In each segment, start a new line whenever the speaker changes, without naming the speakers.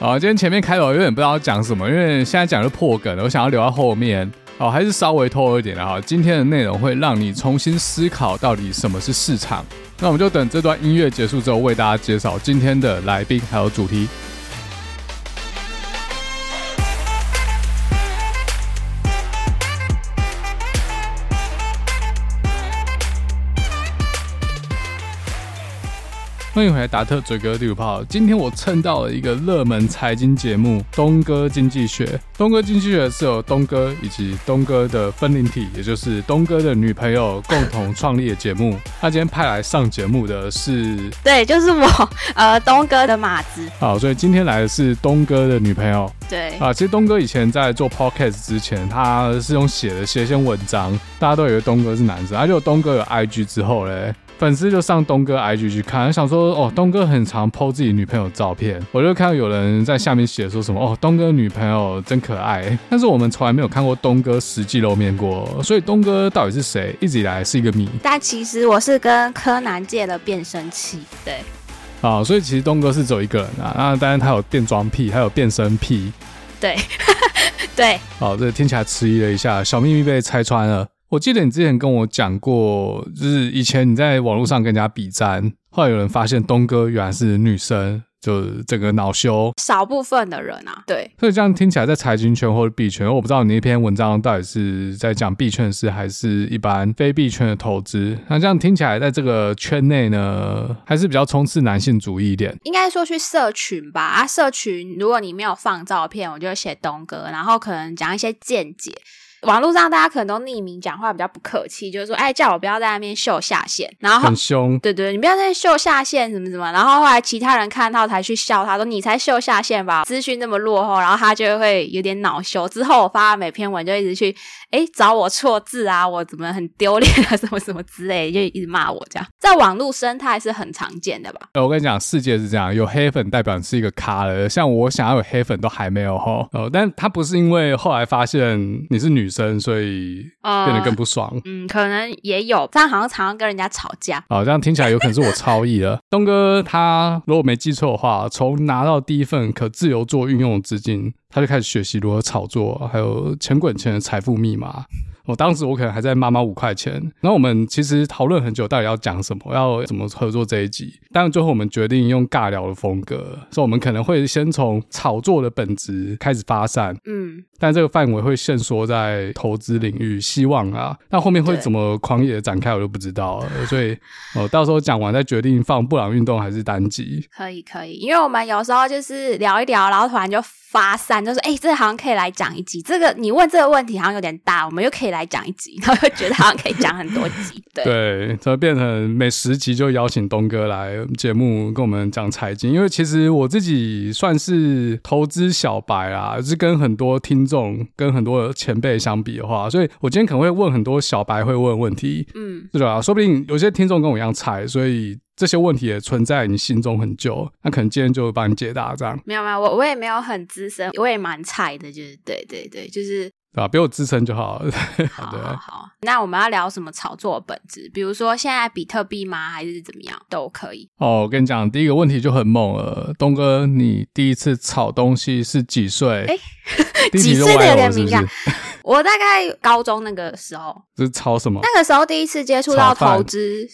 啊，今天前面開頭有點不知道講什麼，因為現在講是破梗了，我想要留到後面。好，還是稍微透露一點的哈。今天的內容會讓你重新思考到底什麼是市場。那我們就等這段音樂結束之後，為大家介紹今天的來賓還有主題。歡迎回來，達特嘴哥地圖炮。今天我蹭到了一個熱門財經節目《東哥經濟學》。東哥經濟學是由東哥以及東哥的分靈體，也就是東哥的女朋友共同創立的節目。他今天派來上節目的是，
對，就是我，呃，東哥的馬子。
好，所以今天來的是東哥的女朋友。對。啊，其實東哥以前在做 Podcast 之前，他是用寫的寫一些文章，大家都以為東哥是男生。啊就東哥有 IG 之後嘞，粉絲就上東哥 IG 去看，想說哦，東哥很常 Po 自己女朋友照片。我就看到有人在下面寫說什麼哦，東哥女朋友真可愛，欸。但是我們從來沒有看過東哥實際露面過，所以東哥到底是誰，一直以來是一個謎。
但其實我是跟柯南借了變聲器，對。
啊、哦，所以其實東哥是只有一個人啊，那當然他有變裝癖，他有變身癖，
對， 對、
哦，對。哦，這聽起來遲疑了一下，小秘密被拆穿了。我記得你之前跟我講過，就是以前你在網絡上跟人家比贊，後來有人發現東哥原來是女生，就整個惱羞。
少部分的人啊，對。
所以這樣聽起來，在財經圈或者幣圈，我不知道你那篇文章到底是在講幣圈的事，還是一般非幣圈的投資。那這樣聽起來，在這個圈內呢，還是比較充斥男性主義一點。
應該說去社群吧，啊，社群，如果你沒有放照片，我就會寫東哥，然後可能講一些見解。網絡上大家可能都匿名講話比較不客氣，就是說，哎，叫我不要在那邊秀下限，然後很凶，對，對對，你不要在那邊秀下限什麼什麼，然後後來其他人看到才去笑他，說你才秀下限吧，資訊那麼落後，然後他就會有點惱羞。之後我發了每篇文就一直去，哎、欸，找我錯字啊，我怎麼很丟臉啊，什麼什麼之類，就一直罵我這樣，在網絡生態是很常見的吧？嗯、
我跟你講，世界是這樣，有黑粉代表你是一個咖了，像我想要有黑粉都還沒有哈，呃、哦，但他不是因為後來發現你是女生。所以變得更不爽。
呃、嗯，可能也有，但好像常常跟人家吵架。啊、哦，
這樣聽起來有可能是我超譯了。 東哥，他如果沒記錯的話，從拿到第一份可自由做運用的資金，他就開始學習如何炒作，還有錢滾錢的財富密碼。我、哦、當時我可能還在媽媽五塊錢，那我們其實討論很久，到底要講什麼，要怎麼合作這一集。但最後我們決定用尬聊的風格，所以我們可能會先從炒作的本質開始發散，嗯，但這個範圍會限縮在投資領域，希望啊，那後面會怎麼狂野展開，我就不知道了。對所以，我、哦、到時候講完再決定放布朗運動還是單集。
可以，可以，因為我們有時候就是聊一聊，然後突然就發散，就是哎、欸，這個、好像可以來講一集。這個你問這個問題好像有點大，我們又可以。來講一集，然後又覺得好像可以講很多集，
對 對，怎麼變成每十集就邀請東哥來節目跟我們講財經，因為其實我自己算是投資小白啊，是跟很多聽眾、跟很多前輩相比的話，所以我今天可能會問很多小白會問問題，嗯，是的吧？說不定有些聽眾跟我一樣菜，所以這些問題也存在你心中很久，那可能今天就幫你解答這樣。
沒有沒有，我我也沒有很資深，我也蠻菜的，就是對對對，就是。
啊對，比我資深就好。好的，好。
對那我們要聊什麼炒作本質，比如說現在比特幣嗎？還是怎麼樣都可以。
哦，我跟你講，第一個問題就很猛了。東哥，你第一次炒東西是幾歲？
欸、是是幾歲有點敏
感。
我大概高中那個時候。
是炒什麼？那
個時候第一次接觸到投資。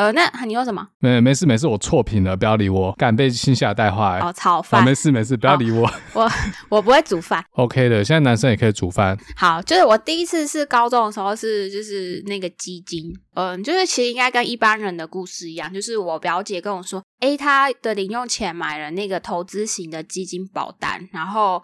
呃，那你說什麼？
沒沒事沒事，我錯評了，不要理我。敢被信下帶壞、欸，哦炒飯，啊、沒事沒事，不要理我。
哦、我我不會煮飯。
OK 的，現在男生也可以煮飯、嗯。
好，就是我第一次是高中的時候是，是就是那個基金，嗯、呃，就是其實應該跟一般人的故事一樣，就是我表姐跟我說，哎，她的零用錢買了那個投資型的基金保單，然後。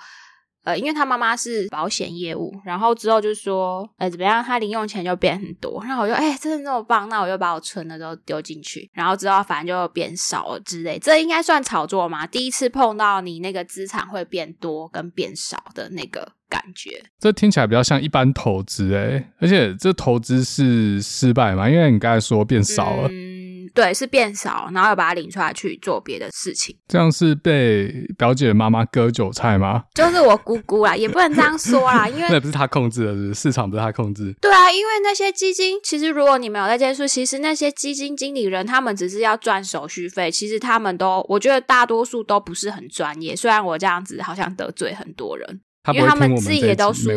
呃，因為他媽媽是保險業務，然後之後就說，呃，怎麼樣？他零用錢就變很多，然後我就哎、欸，真的那麼棒，那我就把我存的都丟進去，然後之後反正就變少了之類。這應該算炒作嗎？第一次碰到你那個資產會變多跟變少的那個感覺，
這聽起來比較像一般投資誒、欸，而且這投資是失敗嘛，因為你剛才說變少了，嗯。
對，是變少，然後又把他領出來去做別的事情。
這樣是被表姐媽媽割韭菜嗎？
就是我姑姑啦， 也不能這樣說啦，因為那不是
他控制的，市場不是他控制。
對啊，因為那些基金，其實如果你沒有在接觸，其實那些基金經理人，他們只是要賺手續費，其實他們都，我覺得大多數都不是很專業。雖然我這樣子好像得罪很多人。她不會聽我們這一集，因為他們自己也都輸錢啊。沒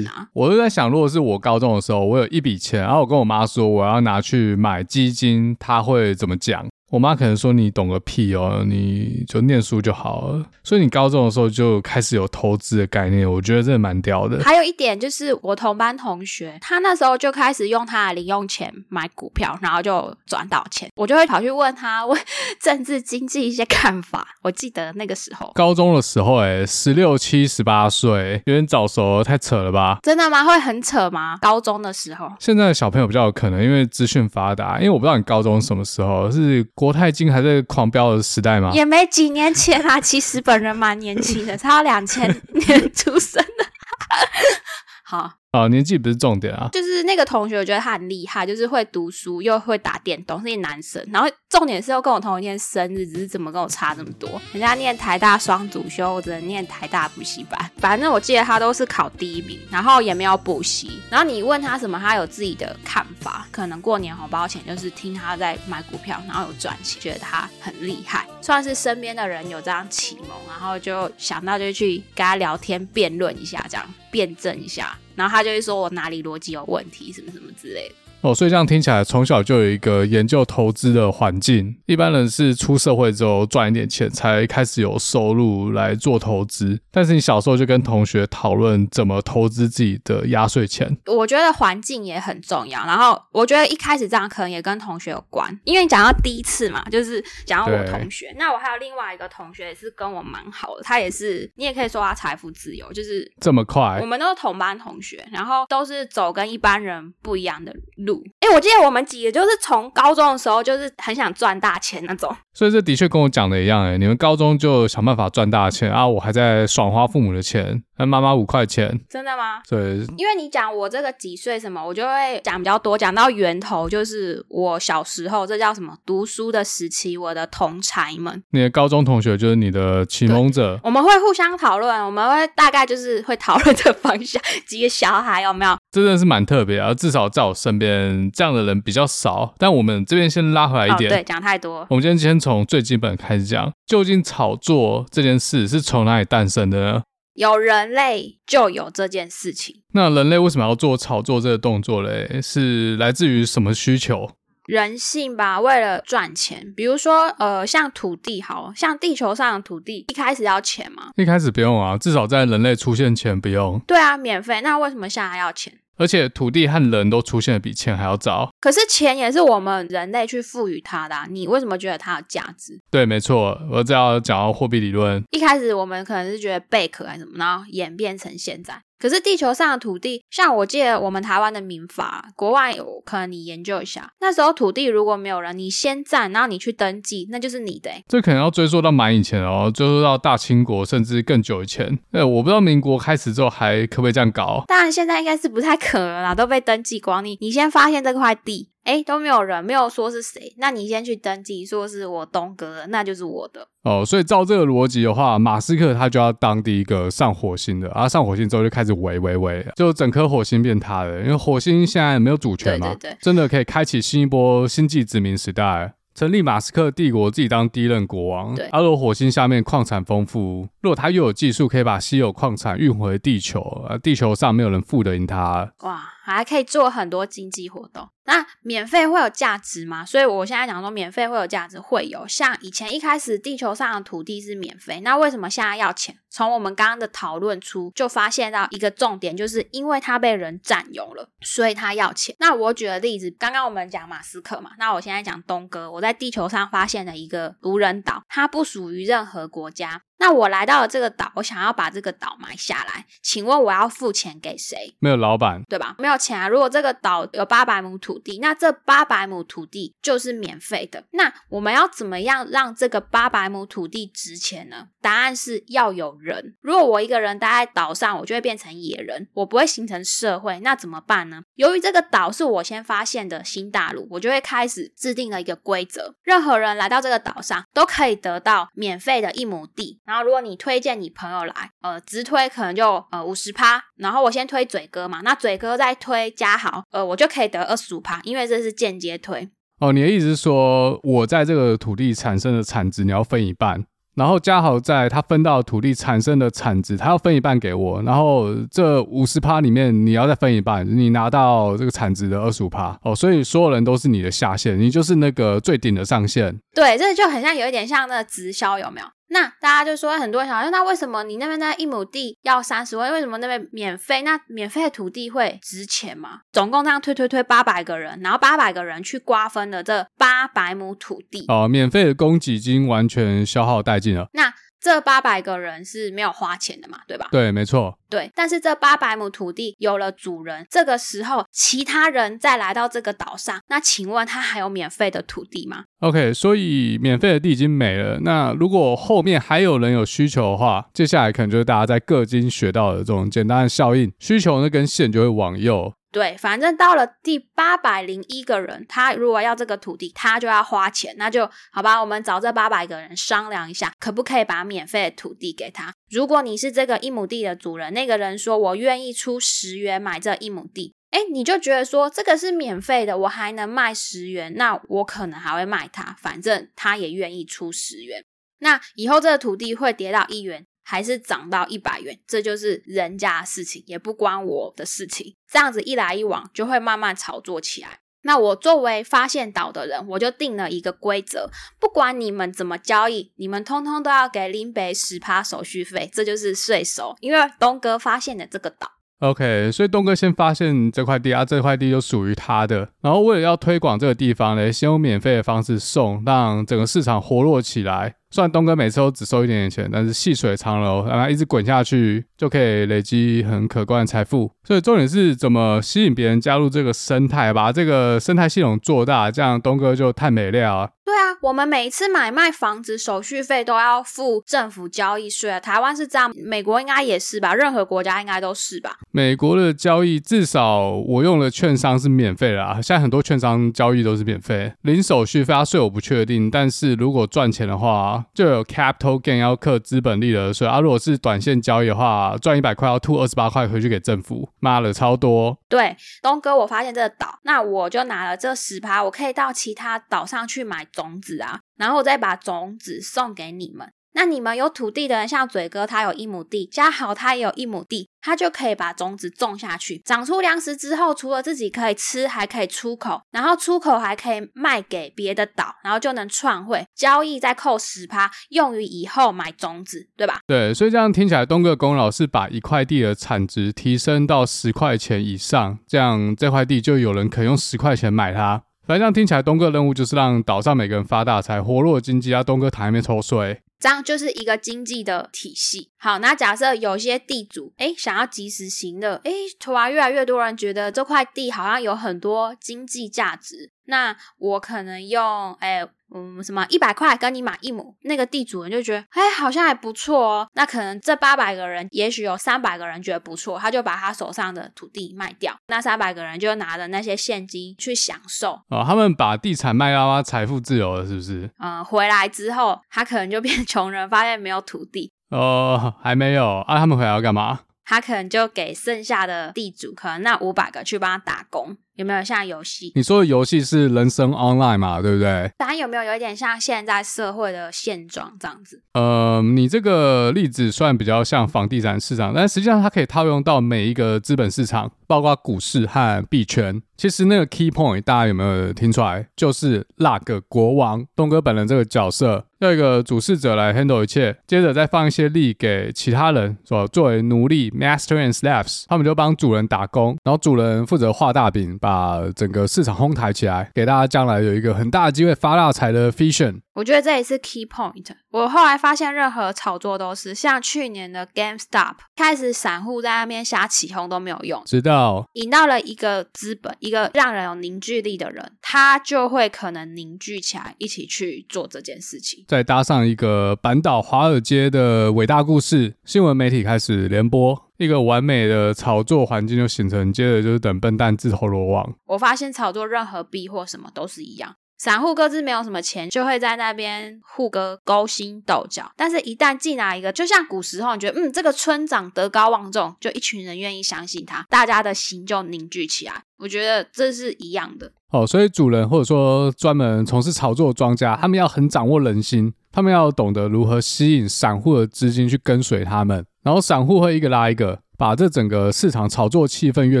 關係，
我就在想，如果是我高中的時候，我有一筆錢，然後我跟我媽說我要拿去買基金，她會怎麼講？我媽可能說你懂個屁哦，你就念書就好了。所以你高中的時候就開始有投資的概念，我覺得這蠻屌的。還有
一點就是，我同班同學他那時候就開始用他的零用錢買股票，然後就賺到錢。我就會跑去問他問政治經濟一些看法。我記得那個時候
高中的時候、欸，誒十六七、十八歲，有點早熟，太扯了吧？
真的嗎？會很扯嗎？高中的時候，
現在的小朋友比較有可能，因為資訊發達。因為我不知道你高中什麼時候、嗯、是。國泰金還在狂飆的時代嗎？也
沒幾年前啊。 其實本人蠻年輕的，差兩千年出生的。 好。
哦，年紀不是重點啊，就是
那個同學，我覺得他很厲害，就是會讀書又會打電動，是一男生。然後重點是又跟我同一天生日，只是怎麼跟我差這麼多。人家念台大雙主修，我只能念台大補習班。反正我記得他都是考第一名，然後也沒有補習。然後你問他什麼，他有自己的看法。可能過年紅包錢就是聽他在買股票，然後有賺錢，覺得他很厲害。算是身邊的人有這樣啟蒙，然後就想到就去跟他聊天辯論一下，這樣辯證一下。然後他就會說我哪裡邏輯有問題，什麼什麼之類的。
哦，所以這樣聽起來，從小就有一個研究投資的環境。一般人是出社會之後賺一點錢，才開始有收入來做投資。但是你小時候就跟同學討論怎麼投資自己的壓歲錢。
我覺得環境也很重要。然後我覺得一開始這樣可能也跟同學有關，因為你講到第一次嘛，就是講到我同學。對那我還有另外一個同學也是跟我蠻好的，他也是，你也可以說他財富自由，就是
這麼快。我們
都是同班同學，然後都是走跟一般人不一樣的路。哎、欸，我記得我們幾個就是從高中的時候就是很想賺大錢那種，
所以這的確跟我講的一樣欸，你們高中就想辦法賺大錢啊，我還在爽花父母的錢。媽媽五塊錢，真的嗎？對，所以，因
為你講我這個幾歲什麼，我就會講比較多。講到源頭，就是我小時候，這叫什麼讀書的時期，我的同儕們，
你的高中同學就是你的啟蒙者。我
們會互相討論，我們會大概就是會討論這方向，幾個小孩有沒有？
這真的是蠻特別啊，至少在我身邊這樣的人比較少。但我們這邊先拉回來一點，哦、對，
講太多。我
們今天先從最基本開始講，究竟炒作這件事是從哪裡誕生的呢？
有人類就有這件事情。
那人類為什麼要做炒作這個動作嘞？是來自於什麼需求？
人性吧，為了賺錢。比如說，呃，像土地，好像地球上的土地，一開始要錢嗎？
一開始不用啊，至少在人類出現前不用。
對啊，免費。那為什麼現在還要錢？
而且土地和人都出現的比錢還要早，
可是錢也是我們人類去賦予它的啊，你為什麼覺得它有價值？
對，沒錯，我只要講到貨幣理論。一
開始我們可能是覺得貝殼還是什麼，然後演變成現在。可是地球上的土地，像我記得我們台灣的民法，國外有可能你研究一下，那時候土地如果沒有人，你先佔，然後你去登記，那就是你的，欸。
這可能要追溯到蠻以前哦，追溯到大清國甚至更久以前。哎、欸，我不知道民國開始之後還可不可以這樣搞。
當然現在應該是不太可能啦，都被登記光。你你先發現這塊地。哎，都沒有人，沒有說是誰。那你先去登記，說是我東哥，那就是我的。
哦，所以照這個邏輯的話，馬斯克他就要當第一個上火星的，啊上火星之後就開始圍圍圍，就整顆火星變他了。因為火星現在沒有主權嘛，嗯、對對對，真的可以開啟新一波星際殖,殖民時代，成立馬斯克帝國，自己當第一任國王。阿羅對、啊、火星下面礦產豐富，如果他又有技術，可以把稀有礦產運回地球，而、啊、地球上沒有人富得贏他。哇。
還可以做很多經濟活動，那免費會有價值嗎？所以我現在講說，免費會有價值，會有。像以前一開始地球上的土地是免費，那為什麼現在要錢？從我們剛剛的討論出，就發現到一個重點，就是因為它被人占有了，所以它要錢。那我舉個例子，剛剛我們講馬斯克嘛，那我現在講東哥，我在地球上發現了一個無人島，它不屬於任何國家。那我來到了這個島，我想要把這個島買下來，請問我要付錢給誰？
沒有老闆，對
吧？沒有錢啊！如果這個島有八百畝土地，那這八百畝土地就是免費的。那我們要怎麼樣讓這個八百畝土地值錢呢？答案是要有人。如果我一個人待在島上，我就會變成野人，我不會形成社會，那怎麼辦呢？由於這個島是我先發現的新大陸，我就會開始制定了一個規則：任何人來到這個島上，都可以得到免費的一畝地。然後，如果你推薦你朋友來，呃，直推可能就呃五十趴。然後我先推嘴哥嘛，那嘴哥再推嘉豪，呃，我就可以得二十五趴，因為這是間接推。
哦，你的意思是說，我在這個土地產生的產值你要分一半，然後嘉豪在他分到土地產生的產值，他要分一半給我，然後這五十趴裡面你要再分一半，你拿到這個產值的二十五趴。哦，所以所有人都是你的下線，你就是那個最頂的上線。
對，這就很像有一點像那個直銷，有沒有？那大家就說，很多人想，那為什麼你那邊那一畝地要三十萬？為什麼那邊免費？那免費的土地會值錢嗎？總共這樣推推推八百個人，然後八百個人去瓜分了這八百畝土地。
哦、呃，免費的供給已經完全消耗殆盡了。那。
這八百個人是沒有花錢的嘛，對吧？
對，沒錯。
對，但是這八百畝土地有了主人，這個時候其他人再來到這個島上，那請問他還有免費的土地嗎
？OK，所以免費的地已經沒了。那如果後面還有人有需求的話，接下來可能就是大家在各經學到的這種簡單的效應，需求那根線就會往右。
對，反正到了第八百零一個人，他如果要這個土地，他就要花錢。那就好吧，我們找這八百個人商量一下，可不可以把免費的土地給他？如果你是這個一畝地的主人，那個人說我願意出十元買這一畝地，誒，你就覺得說這個是免費的，我還能賣十元，那我可能還會賣他，反正他也願意出十元。那以後這個土地會跌到一元，還是漲到一百元，這就是人家的事情，也不關我的事情。這樣子一來一往，就會慢慢炒作起來。那我作為發現島的人，我就定了一個規則：不管你們怎麼交易，你們通通都要給林北十趴手續費，這就是稅收。因為東哥發現了這個島
，OK，所以東哥先發現這塊地，啊，這塊地就屬於他的。然後為了要推廣這個地方呢，先用免費的方式送，讓整個市場活絡起來。雖然東哥每次都只收一點點錢，但是細水長流，喔，然後一直滾下去，就可以累積很可觀的財富。所以重點是怎麼吸引別人加入這個生態，把這個生態系統做大，這樣東哥就太美了。
對啊，我們每一次買賣房子，手續費都要付政府交易稅啊。台灣是這樣，美國應該也是吧？任何國家應該都是吧？
美國的交易至少我用的券商是免費的啊，現在很多券商交易都是免費，零手續費啊，稅我不確定，但是如果賺錢的話。就有 capital gain 要課資本利得稅啊，如果是短線交易的話，啊，賺一百塊要吐二十八塊回去給政府，媽的超多。
對，東哥我發現這個島，那我就拿了這十趴，我可以到其他島上去買種子啊，然後我再把種子送給你們。那你們有土地的人，像嘴哥，他有一畝地，加豪他也有一畝地，他就可以把種子種下去，長出糧食之後，除了自己可以吃，還可以出口，然後出口還可以賣給別的島，然後就能創匯，交易再扣十趴，用於以後買種子，對吧？
對，所以這樣聽起來，東哥的功勞是把一塊地的產值提升到十塊錢以上，這樣這塊地就有人可以用十塊錢買它。反正這樣聽起來，東哥的任務就是讓島上每個人發大財，活絡經濟啊！東哥躺面抽水。
這樣就是一個經濟的體系。好，那假設有些地主，哎，想要及時行樂，哎，後來越來越多人覺得這塊地好像有很多經濟價值，那我可能用哎。誒嗯，什麼一百塊跟你買一畝，那個地主人就覺得，誒，好像還不錯哦。那可能這八百個人，也許有三百個人覺得不錯，他就把他手上的土地賣掉，那三百個人就拿着那些現金去享受。
哦，他們把地產賣了，他財富自由了，是不是？
嗯，回來之後他可能就變窮人，發現沒有土地。
哦，還沒有啊？他們回來要幹嘛？
他可能就給剩下的地主，可能那五百個去幫他打工。有沒有像遊戲？
你說的遊戲是《人生 Online》嘛，對不對？
答案有沒有有一點像現在社會的現狀這樣子？
呃，你這個例子算比較像房地產市場，但實際上它可以套用到每一個資本市場，包括股市和幣圈。其實那個 key point 大家有沒有聽出來？就是那個國王東哥本人這個角色要一個主事者來 handle 一切，接着再放一些力給其他人，說作為奴隸 master and slaves，他們就幫主人打工，然後主人負責畫大餅把。把整個市場哄抬起來，給大家將來有一個很大的機會發大財的 Vision。
我覺得這也是 key point。我後來發現，任何炒作都是像去年的 GameStop，開始散戶在那邊瞎起哄都沒有用，
直到道
引到了一個資本，一個讓人有凝聚力的人，他就會可能凝聚起來一起去做這件事情。
再搭上一個板島華爾街的偉大故事，新聞媒體開始聯播，一個完美的炒作環境就形成。接着就是等笨蛋自投羅網。
我發現炒作任何幣或什麼都是一樣。散戶各自沒有什麼錢，就會在那邊互割勾心鬥角。但是，一旦進來一個，就像古時候，你覺得嗯，這個村長德高望重，就一群人願意相信他，大家的心就凝聚起來。我覺得這是一樣的。
哦，所以主人或者說專門從事炒作的莊家，他們要很掌握人心，他們要懂得如何吸引散戶的資金去跟隨他們，然後散戶會一個拉一個，把這整個市場炒作氣氛越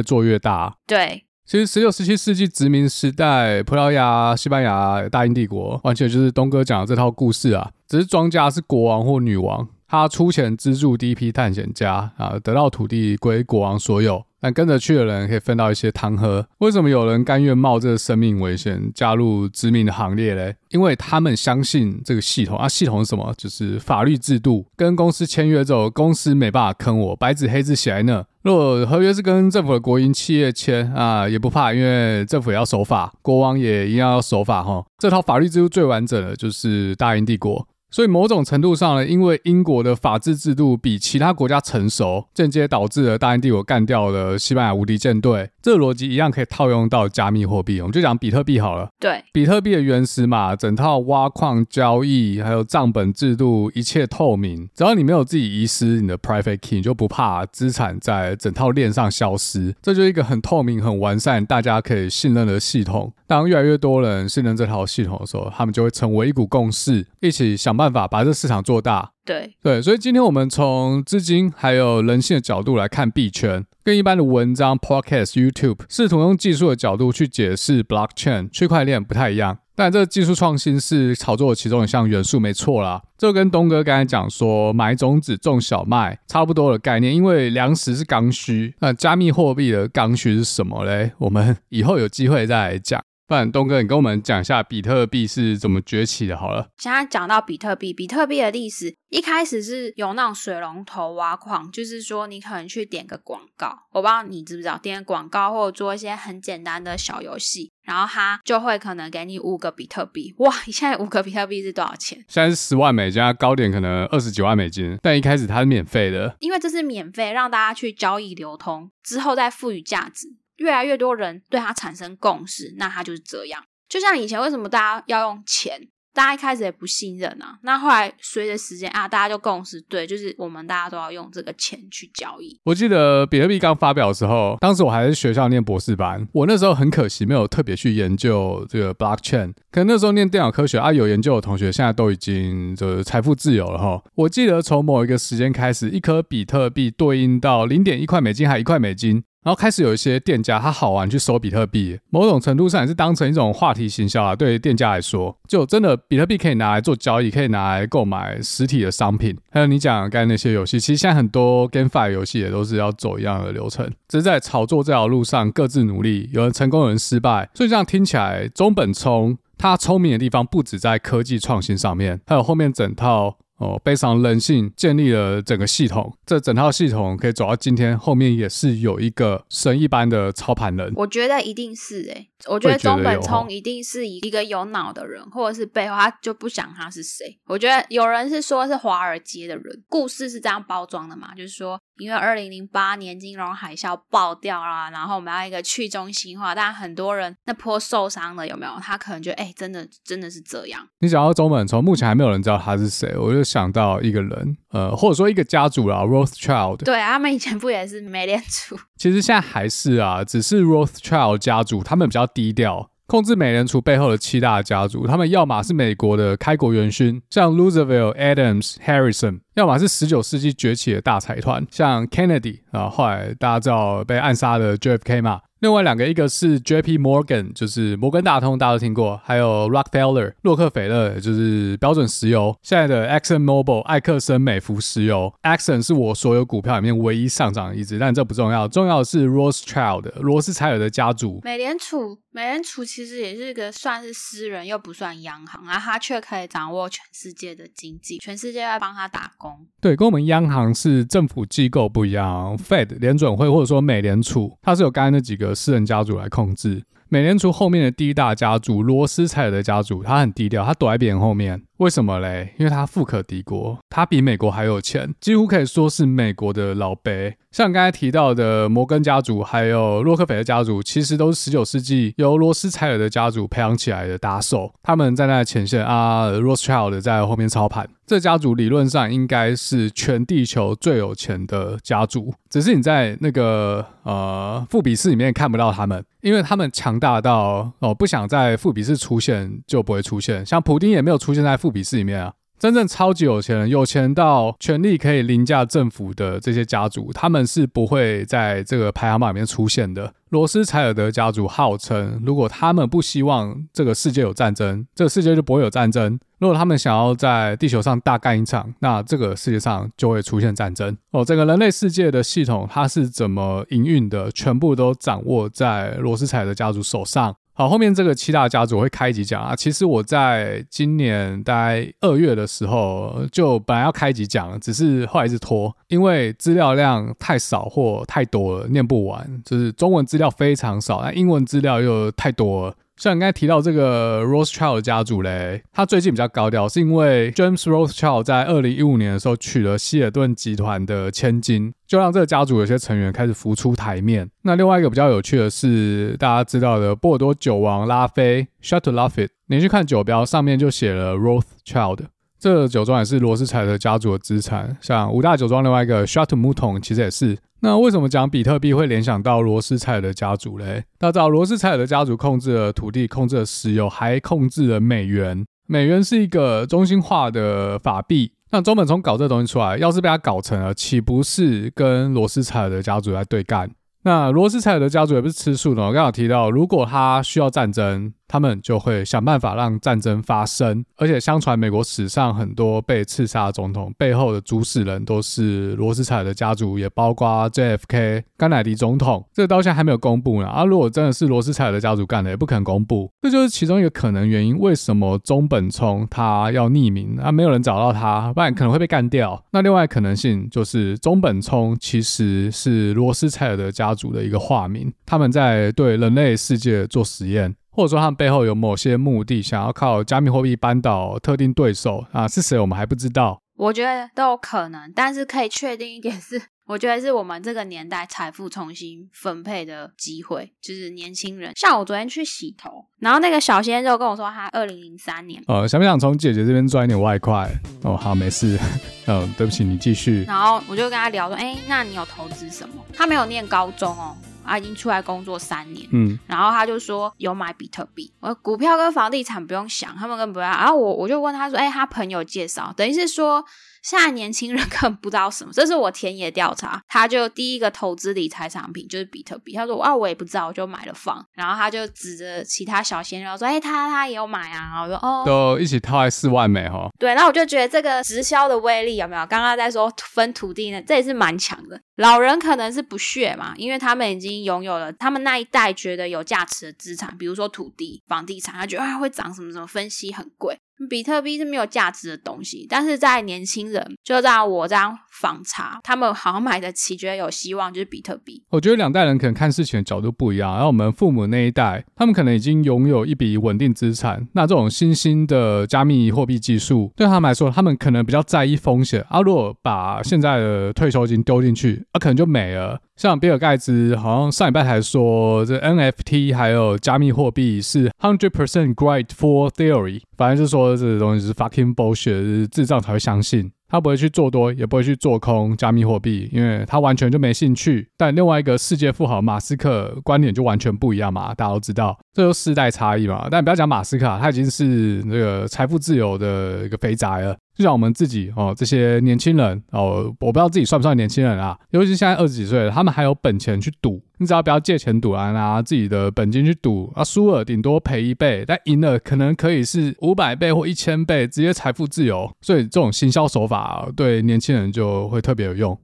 做越大。對。其實，十六、十七世紀殖民時代，葡萄牙、西班牙、大英帝國，完全就是東哥講的這套故事啊，只是莊家是國王或女王。他出錢資助第一批探險家啊，得到土地歸國王所有，但跟着去的人可以分到一些湯喝。為什麼有人甘願冒這個生命危險加入殖民的行列呢？因為他們相信這個系統啊，系統是什麼？就是法律制度。跟公司簽約之後，公司沒辦法坑我，白紙黑字寫在那。如果合約是跟政府的國營企業簽啊，也不怕，因為政府也要守法，國王也一定要守法哈。這套法律制度最完整的就是大英帝國。所以某種程度上呢，因為英國的法治制度比其他國家成熟，間接導致了大英帝國幹掉了西班牙無敵艦隊。這個邏輯一樣可以套用到加密貨幣，我們就講比特幣好了。對，比特幣的原始碼、整套挖礦交易、還有賬本制度，一切透明。只要你沒有自己遺失你的 private key，你就不怕資產在整套鏈上消失。這就是一個很透明、很完善、大家可以信任的系統。當越來越多人信任這套系統的時候，他們就會成為一股共識，一起想辦法把這個市場做大，對對，所以今天我們從資金還有人性的角度來看幣圈，跟一般的文章、Podcast、YouTube 試圖用技術的角度去解釋 Blockchain、區塊鏈不太一樣，但這技術創新是炒作的其中一項元素，沒錯啦。這跟東哥剛才講說買種子種小麥差不多的概念，因為糧食是剛需。那、呃、加密貨幣的剛需是什麼嘞？我們以後有機會再來講。不然，東哥，你跟我們講一下比特幣是怎麼崛起的？好了，
現在講到比特幣，比特幣的歷史一開始是有那種水龍頭挖礦，就是說你可能去點個廣告，我不知道你知不知道，點廣告或者做一些很簡單的小遊戲，然後它就會可能給你五個比特幣。哇，你現在五個比特幣是多少錢？
現在是十萬美金，高點可能二十幾萬美金，但一開始它是免費的，
因為這是免費讓大家去交易流通，之後再賦予價值。越來越多人對它產生共識，那它就是這樣。就像以前為什麼大家要用錢？大家一開始也不信任啊。那後來隨着時間啊，大家就共識，對，就是我們大家都要用這個錢去交易。
我記得比特幣剛發表的時候，當時我還在學校念博士班，我那時候很可惜沒有特別去研究這個 blockchain。可能那時候念電腦科學啊，有研究的同學現在都已經這財富自由了哈。我記得從某一個時間開始，一顆比特幣對應到零點一塊美金，還有一塊美金。然後開始有一些店家，他好玩去收比特幣，某種程度上也是當成一種話題行銷啊。對於店家來說，就真的比特幣可以拿來做交易，可以拿來購買實體的商品。還有你講剛才那些遊戲，其實現在很多 GameFi 遊戲也都是要走一樣的流程，只是在炒作這條路上各自努力，有人成功，有人失敗。所以這樣聽起來，中本聰他聰明的地方不止在科技創新上面，還有後面整套，哦，非常人性，建立了整個系統。這整套系統可以走到今天，後面也是有一個神一般的操盤人。我
覺得一定是誒、欸、我覺得中本聰一定是一一個有腦的人，或者是背後他就不想他是誰。我覺得有人是說是華爾街的人，故事是這樣包裝的嘛，就是說。因為二零零八年金融海嘯爆掉啦、啊，然後我們要一個去中心化，但很多人那波受傷了，有沒有？他可能就：欸「哎，真的真的是這樣。
你講到中本聰，從目前還沒有人知道他是誰，我就想到一個人，呃，或者說一個家族啦，Rothschild。嗯、Roth
對，他們以前不也是美聯儲？
其實現在還是啊，只是 Rothschild 家族他們比較低調，控制美聯儲背後的七大家族，他們要麼是美國的開國元勳，像 Roosevelt、Adams、Harrison。要麼是十九世紀崛起的大財團，像 Kennedy 啊，然後後來大家知道被暗殺的 JFK 嘛。另外兩個，一個是 J.P.Morgan，就是摩根大通，大家都聽過；還有 Rockefeller 洛克菲勒，就是標準石油，現在的 Exxon Mobil 艾克森美孚石油。Exxon 是我所有股票裡面唯一上漲的一隻，但這不重要，重要的是 Rothschild 羅斯柴爾德家族。
美聯儲，美聯儲其實也是一個算是私人又不算央行，啊他卻可以掌握全世界的經濟，全世界在幫他打工。
對，跟我們央行是政府機構不一樣，Fed 聯準會或者說美聯儲，它是有剛才那幾個私人家族來控制。美聯儲後面的第一大家族羅斯柴爾德的家族，他很低調，他躲在別人後面。為什麼嘞？因為他富可敵國，他比美國還有錢，幾乎可以說是美國的老輩。像剛才提到的摩根家族，還有洛克菲勒家族，其實都是19世紀由羅斯柴爾德家族培養起來的打手，他們在那前線啊，羅斯柴爾德在後面操盤。這家族理論上應該是全地球最有錢的家族，只是你在那個呃富比士裡面看不到他們，因為他們強大到哦不想在富比士出現就不會出現。像普丁也沒有出現在富。富比士裡面啊，真正超級有錢人，有錢到權力可以凌駕政府的這些家族，他們是不會在這個排行榜裡面出現的。羅斯柴爾德家族號稱，如果他們不希望這個世界有戰爭，這個世界就不會有戰爭；如果他們想要在地球上大幹一場，那這個世界上就會出現戰爭。哦，整個人類世界的系統它是怎麼營運的，全部都掌握在羅斯柴爾德家族手上。好，後面這個七大家族我會開一集講啊。其實我在今年大概二月的時候，就本來要開集講，只是後來一直拖，因為資料量太少或太多了，念不完。就是中文資料非常少，但英文資料又太多了。像你剛才提到這個 Rothschild 家族嘞，他最近比較高調，是因為 James Rothschild 在二零一五年的時候娶了希爾頓集團的千金，就讓這個家族有些成員開始浮出台面。那另外一個比較有趣的是，大家知道的波爾多酒王拉菲 s h u t e a Lafite），你去看酒標上面就寫了 Rothschild。這酒莊也是羅斯柴爾德家族的資產，像五大酒莊另外一個 Château Mouton，其實也是。那為什麼講比特幣會聯想到羅斯柴爾德的家族嘞？大家知道羅斯柴爾德的家族控制了土地、控制了石油，還控制了美元。美元是一個中心化的法幣。那中本聰搞這個東西出來，要是被他搞成了，豈不是跟羅斯柴爾德的家族來對幹？那羅斯柴爾德的家族也不是吃素的。我剛剛有提到，如果他需要戰爭。他們就會想辦法讓戰爭發生，而且相傳美國史上很多被刺殺的總統背後的主使人都是羅斯柴爾德家族，也包括 JFK、甘乃迪總統。這個到現在還沒有公布呢。啊，如果真的是羅斯柴爾德家族幹的，也不肯公布，這就是其中一個可能原因。為什麼中本聰他要匿名？啊，沒有人找到他，不然可能會被幹掉。那另外可能性就是中本聰其實是羅斯柴爾德家族的一個化名，他們在對人類世界做實驗。或者說他們背後有某些目的，想要靠加密貨幣扳倒特定對手啊？是誰我們還不知道。
我覺得都有可能，但是可以確定一點是，我覺得是我們這個年代財富重新分配的機會，就是年輕人。像我昨天去洗頭，然後那個小鮮肉跟我說他二零零三年，
呃，想不想從姐姐這邊賺一點外快？哦，好，沒事。嗯， 呃，對不起，你繼續。然
後我就跟他聊說，哎，那你有投資什麼？他沒有念高中哦。他已經出來工作三年，嗯，然後他就說有買比特幣，我說股票跟房地產不用想，他們根本不要。然後我我就問他說，哎，他朋友介紹，等於是說。現在年輕人根本不知道什麼，這是我田野調查。他就第一個投資理財產品就是比特幣。他說：“啊，我也不知道，我就買了房。”然後他就指着其他小鮮肉說：“哎，他他，他也有買啊。”我說：“哦，都
一起套在四萬美哈、哦。”
對，然後我就覺得這個直銷的威力有沒有？剛剛在說分土地呢，這也是蠻強的。老人可能是不屑嘛，因為他們已經擁有了他們那一代覺得有價值的資產，比如說土地、房地產，他覺得啊、哎、會漲什麼什麼，分析很貴。比特幣是沒有價值的東西，但是在年輕人，就像我這樣。房查他們好像買得起，覺得有希望就是比特幣。
我覺得兩代人可能看事情的角度不一樣。然後，啊，我們父母那一代，他們可能已經擁有一筆穩定資產。那這種新興的加密貨幣技術對他們來說，他們可能比較在意風險。啊，如果把現在的退休金丟進去，啊，可能就沒了。像比爾蓋茨好像上禮拜才說，這 NFT 還有加密貨幣是 hundred percent great for theory，反正就是說這東西就是 fucking bullshit，就是智障才會相信。他不會去做多，也不會去做空加密貨幣，因為他完全就沒興趣。但另外一個世界富豪馬斯克觀點就完全不一樣嘛，大家都知道，這就是世代差異嘛。但不要講馬斯克啊，他已經是那個財富自由的一個肥宅了。就像我們自己哦，這些年輕人哦，我不知道自己算不算年輕人啊。尤其現在二十幾歲了，他們還有本錢去賭，你只要不要借錢賭啦，拿自己的本金去賭啊，輸了頂多賠一倍，但贏了可能可以是五百倍或一千倍，直接財富自由。所以這種行銷手法對年輕人就會特別有用。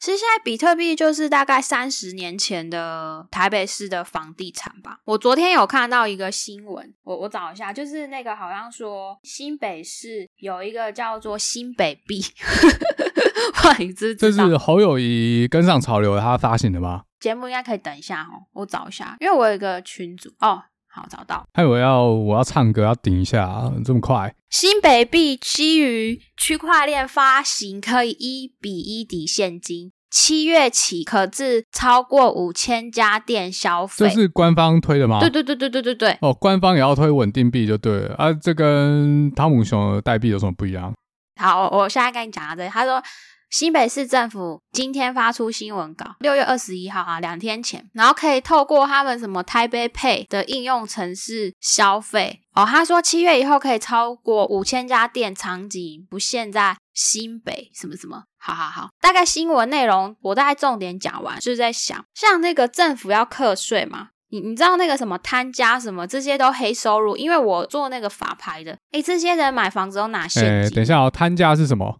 其實現在比特幣就是大概三十年前的台北市的房地產吧。我昨天有看到一個新聞，我我找一下，就是那個好像說新北市有一個叫做新北幣，換一隻，
是是這是侯友宜跟上潮流他發行的嗎？
節目應該可以等一下哦，我找一下，因為我有一個群組哦。好，找到。
還有、哎，我要，我要唱歌，要頂一下啊！這麼快，
新北幣基於區塊鏈發行，可以一比一抵現金，七月起可至超過五千家店消費。這是
官方推的嗎？對對
對對對對對。
哦，官方也要推穩定幣，就對了啊。這跟湯姆熊的代幣有什麼不一樣？
好，我現在跟你講啊，這他說。新北市政府今天發出新聞稿，六月二十一號啊，兩天前，然後可以透過他們什麼台北 Pay 的應用程式消費哦。他說七月以後可以超過五千家店，場景不限在新北什麼什麼。好好好，大概新聞內容我大概重點講完，就是在想，像那個政府要課稅嘛，你你知道那個什麼攤家什麼這些都黑收入，因為我做那個法拍的，哎，這些人買房子都拿現
金。哎，等一下，哦，攤家是什麼？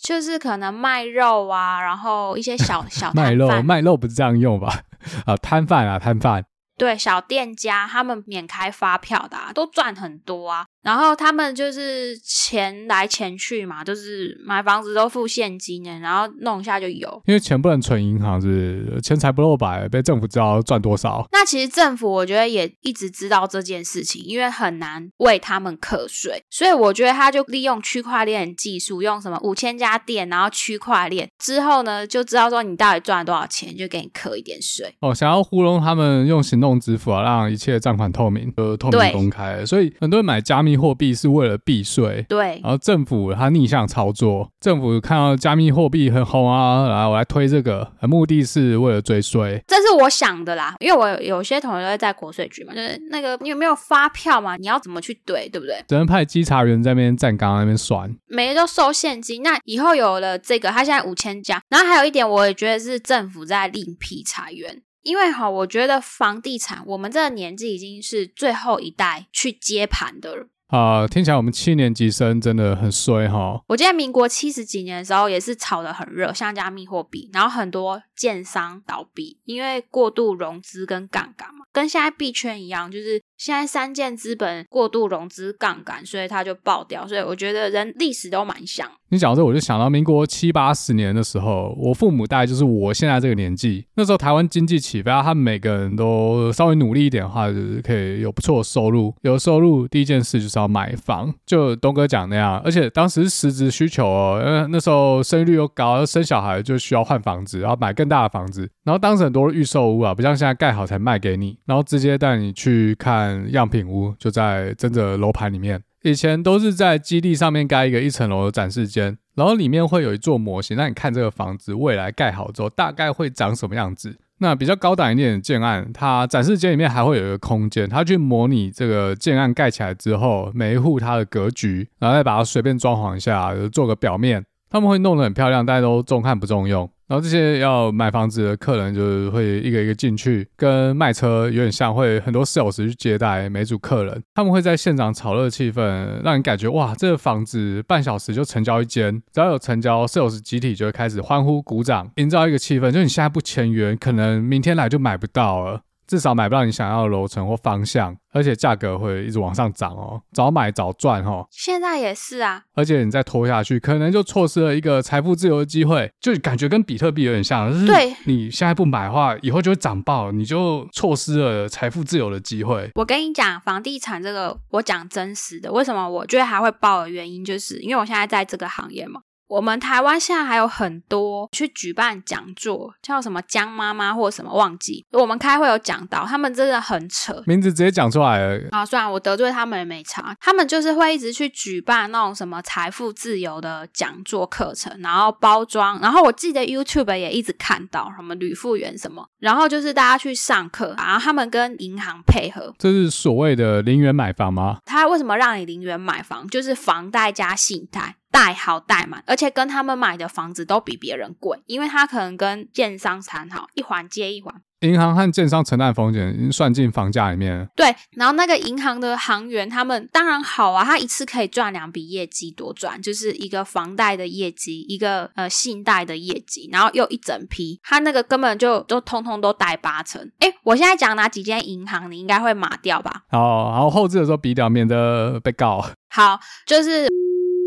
就是可能賣肉啊，然後一些小小賣
肉賣肉不是這樣用吧？啊，攤販啊，攤販。
對，小店家他們免開發票的，啊，都賺很多啊。然後他們就是錢來錢去嘛，就是買房子都付現金的，然後弄一下就有。
因為錢不能存銀行，是，是錢財不露白，被政府知道賺多少。
那其實政府我覺得也一直知道這件事情，因為很難為他們課稅，所以我覺得他就利用區塊鏈技術，用什麼五千家店，然後區塊鏈之後呢，就知道說你到底賺了多少錢，就給你課一點稅。
哦，想要糊弄他們用行動支付啊，讓一切賬款透明，呃，透明公開。對所以很多人買加密貨幣是為了避稅。對。然後政府它逆向操作，政府看到加密貨幣很紅啊，然後我來推這個，目的是為了追稅。
這是我想的啦，因為我有，有些同學都會在國稅局嘛，就是那個你有沒有發票嘛，你要怎麼去懟，對不對？
只能派稽查員在那邊站崗，那邊算，
每個都收現金。那以後有了這個，他現在五千家，然後還有一點，我也覺得是政府在另闢財源。因為哈，我覺得房地產，我們這個年紀已經是最後一代去接盤的
了。啊，聽起來我們七年級生真的很衰哈！
我記得民國七十幾年的時候也是炒得很熱，像加密貨幣，然後很多建商倒閉，因為過度融資跟槓桿嘛，跟現在幣圈一樣，就是。現在三箭資本過度融資槓桿，所以它就爆掉。所以我覺得人歷史都蠻像的。
你講這，我就想到民國七八十年的時候，我父母大概就是我現在這個年紀。那時候台灣經濟起飛，他們每個人都稍微努力一點的話，就是可以有不錯的收入。有收入，第一件事就是要買房。就東哥講那樣，而且當時是實質需求哦，因為那時候生育率又高，生小孩就需要換房子，然後買更大的房子。然後當時很多預售屋啊，不像現在蓋好才賣給你，然後直接帶你去看。嗯，樣品屋就在真的樓盤裡面，以前都是在基地上面蓋一個一層樓的展示間，然後裡面會有一座模型，那你看這個房子未來蓋好之後大概會長什麼樣子。那比較高檔一點的建案，它展示間裡面還會有一個空間，它去模擬這個建案蓋起來之後每一戶它的格局，然後再把它隨便裝潢一下，就是、做個表面，他們會弄得很漂亮，但都中看不中用。然後這些要買房子的客人就是會一個一個進去，跟賣車有點像，會很多 sales 去接待每組客人，他們會在現場炒熱的氣氛，讓你感覺哇，這個房子半小時就成交一間，只要有成交，sales 集體就會開始歡呼鼓掌，營造一個氣氛，就你現在不簽約，可能明天來就買不到了。至少買不到你想要的樓層或方向，而且價格會一直往上漲哦。早買早賺哦。
現在也是啊。
而且你再拖下去，可能就錯失了一個財富自由的機會，就感覺跟比特幣有點像。對、就是，你現在不買的話，以後就會漲爆，你就錯失了財富自由的機會。
我跟你講，房地產這個，我講真實的，為什麼我覺得還會爆的原因，就是因為我現在在這個行業嘛。我們臺灣現在還有很多去舉辦講座，叫什麼江媽媽或什麼忘記。我們開會有講到，他們真的很扯，
名字直接講出來了。
啊，算了，我得罪他們也沒差，他們就是會一直去舉辦那種什麼財富自由的講座課程，然後包裝。然後我記得 YouTube 也一直看到什麼呂復元什麼，然後就是大家去上課，然後他們跟銀行配合，
這是所謂的零元買房嗎？
他為什麼讓你零元買房？就是房貸加信貸。貸好貸嘛，而且跟他們買的房子都比別人貴，因為他可能跟建商談好，一環接一環。
銀行和建商承擔風險，算進房價裡面。
對，然後那個銀行的行員，他們當然好啊，他一次可以賺兩筆業績，多賺，就是一個房貸的業績，一個呃信貸的業績，然後又一整批，他那個根本就都通通都貸八成。哎、欸，我現在講哪幾間銀行，你應該會碼掉吧？
好，然後後製的時候嗶掉，免得被告。
好，就是。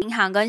銀行跟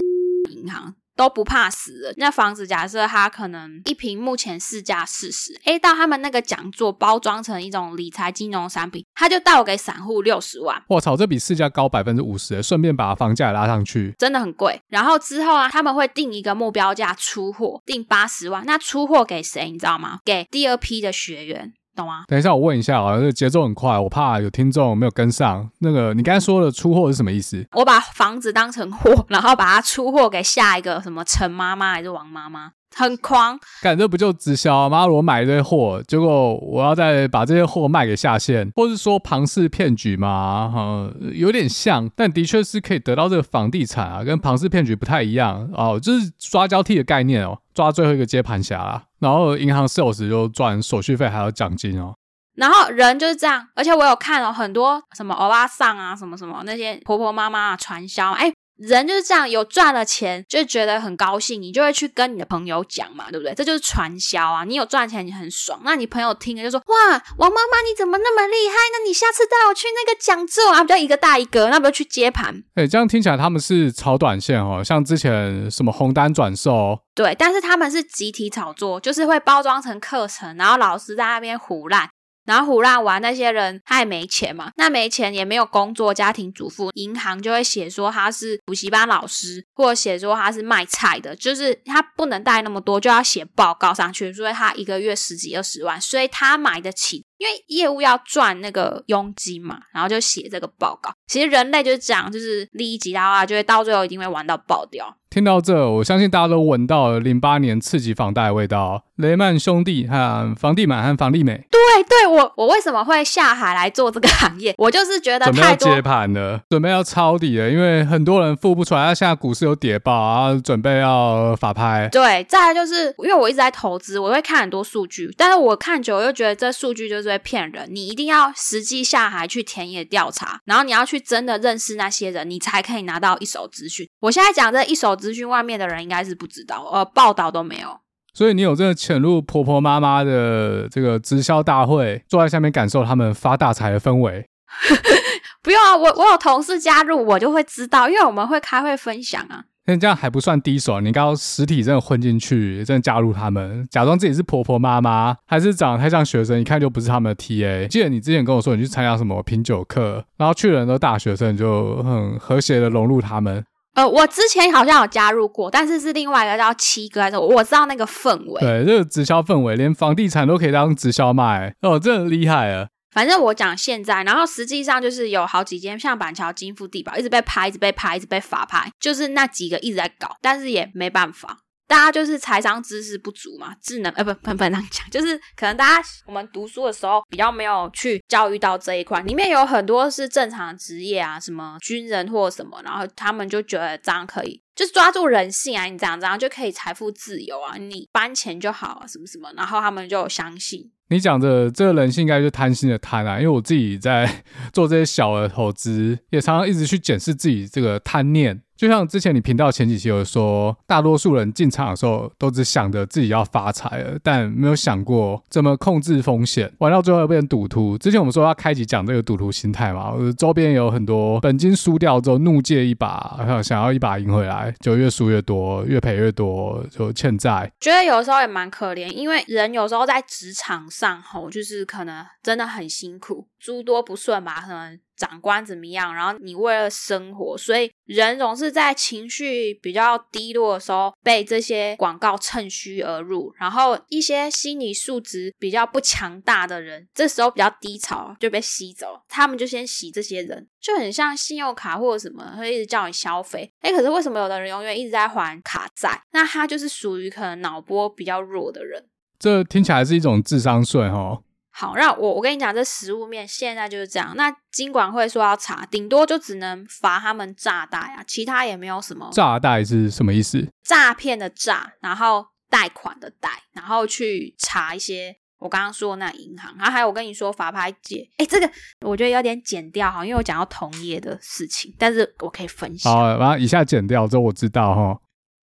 銀行都不怕死。那房子，假設他可能一平目前市價四十，哎，到他們那個講座包裝成一種理財金融產品，他就倒給散戶六十萬。
我操，這比市價高百分之五十，順便把房價拉上去，
真的很貴。然後之後啊，他們會定一個目標價出貨，定八十萬。那出貨給誰，你知道嗎？給第二批的學員。懂
嗎？等一下，我問一下啊，這個節奏很快，我怕有聽眾沒有跟上。那個，你剛才說的出貨是什麼意思？
我把房子當成貨，然後把它出貨給下一個什麼陳媽媽還是王媽媽？很狂，
感覺不就直銷嗎？我買一堆貨，結果我要再把這些貨賣給下線，或是說龐氏騙局嘛。哈、嗯，有點像，但的確是可以得到這個房地產啊，跟龐氏騙局不太一樣哦，就是抓交替的概念哦，抓最後一個接盤俠，啊，然後銀行 sales 就賺手續費還有獎金哦，
然後人就是這樣，而且我有看哦，很多什麼歐巴桑啊，什麼什麼那些婆婆媽媽傳銷，哎人就是這樣，有賺了錢就覺得很高興，你就會去跟你的朋友講嘛，對不對？這就是傳銷啊！你有賺錢你很爽，那你朋友聽了就說：哇，王媽媽你怎麼那麼厲害呢？那你下次帶我去那個講座啊，不就一個帶一個，那不就去接盤。
哎、欸，這樣聽起來他們是炒短線哦，像之前什麼紅單轉售、
哦，對，但是他們是集體炒作，就是會包裝成課程，然後老師在那邊唬爛。然後胡亂玩那些人，他也沒錢嘛，那沒錢也沒有工作，家庭主婦，銀行就會寫說他是補習班老師，或者寫說他是賣菜的，就是他不能貸那麼多，就要寫報告上去，所以他一個月十幾二十萬，所以他買得起，因為業務要賺那個佣金嘛，然後就寫這個報告。其實人類就是這樣，就是利益極大化，就會到最後一定會玩到爆掉。
聽到這，我相信大家都聞到了零八年次級房貸的味道，雷曼兄弟和房利美和房地美
對。對，對我我為什麼會下海來做這個行業？我就是覺得太準備要接
盤了，準備要抄底了，因為很多人付不出來。他現在股市有跌爆啊，準備要法拍。
對，再來就是因為我一直在投資，我會看很多數據，但是我看久了我又覺得這數據就是會騙人。你一定要實際下海去田野調查，然後你要去真的認識那些人，你才可以拿到一手資訊。我現在講這一手。諮詢外面的人應該是不知道，呃，報道都沒有。
所以你有真的潛入婆婆媽媽的這個直銷大會，坐在下面感受他們發大財的氛圍？
不用啊，我我有同事加入，我就會知道，因為我們會開會分享啊。那
這樣還不算低手，你剛剛實體真的混進去，真的加入他們，假裝自己是婆婆媽媽，還是長得太像學生，一看就不是他們的 TA。我記得你之前跟我說，你去參加什麼品酒課，然後去的人都大學生，你就很和諧的融入他們。
呃，我之前好像有加入過，但是是另外一個叫七哥還是我，我知道那個氛圍。對，
這個直銷氛圍，連房地產都可以當直銷賣，哦，真的厲害啊！
反正我講現在，然後實際上就是有好幾間，像板橋金富地堡，一直被拍，一直被拍，一直被法拍，就是那幾個一直在搞，但是也沒辦法。大家就是財商知識不足嘛，智能呃不不不這樣講，就是可能大家我們讀書的時候比較沒有去教育到這一塊，裡面有很多是正常職業啊，什麼軍人或什麼，然後他們就覺得這樣可以，就是抓住人性啊，你這樣這樣就可以財富自由啊，你搬錢就好啊，什麼什麼，然後他們就相信。
你講的這個人性應該就是貪心的貪啊，因為我自己在做這些小的投資，也常常一直去檢視自己這個貪念。就像之前你頻道前幾期有說，大多數人進場的時候都只想着自己要發財了，但沒有想過怎麼控制風險，玩到最後又變成賭徒。之前我們說要開集講這個賭徒心態嘛，我周邊有很多本金輸掉之後怒借一把，想要一把贏回來，就越輸越多，越賠越多，就欠債。
覺得有的時候也蠻可憐，因為人有時候在職場上吼，就是可能真的很辛苦，諸多不順吧，可能。長官怎麼樣？然後你為了生活，所以人總是在情緒比較低落的時候被這些廣告趁虛而入。然後一些心理素質比較不強大的人，這時候比較低潮就被吸走。他們就先吸這些人，就很像信用卡或者什麼，會一直叫你消費。哎，可是為什麼有的人永遠一直在還卡債？那他就是屬於可能腦波比較弱的人。
這聽起來是一種智商稅，哦，哈。
好，那我我跟你講，這實務面現在就是這樣。那金管會說要查，頂多就只能罰他們詐貸啊，其他也沒有什麼。詐
貸是什麼意思？
詐騙的詐，然後貸款的貸，然後去查一些我剛剛說的那銀行。然後還有我跟你說法拍界哎，這個我覺得有點剪掉哈，因為我講到同業的事情，但是我可以分析。好，然
後以下剪掉之後我知道哈、
哦，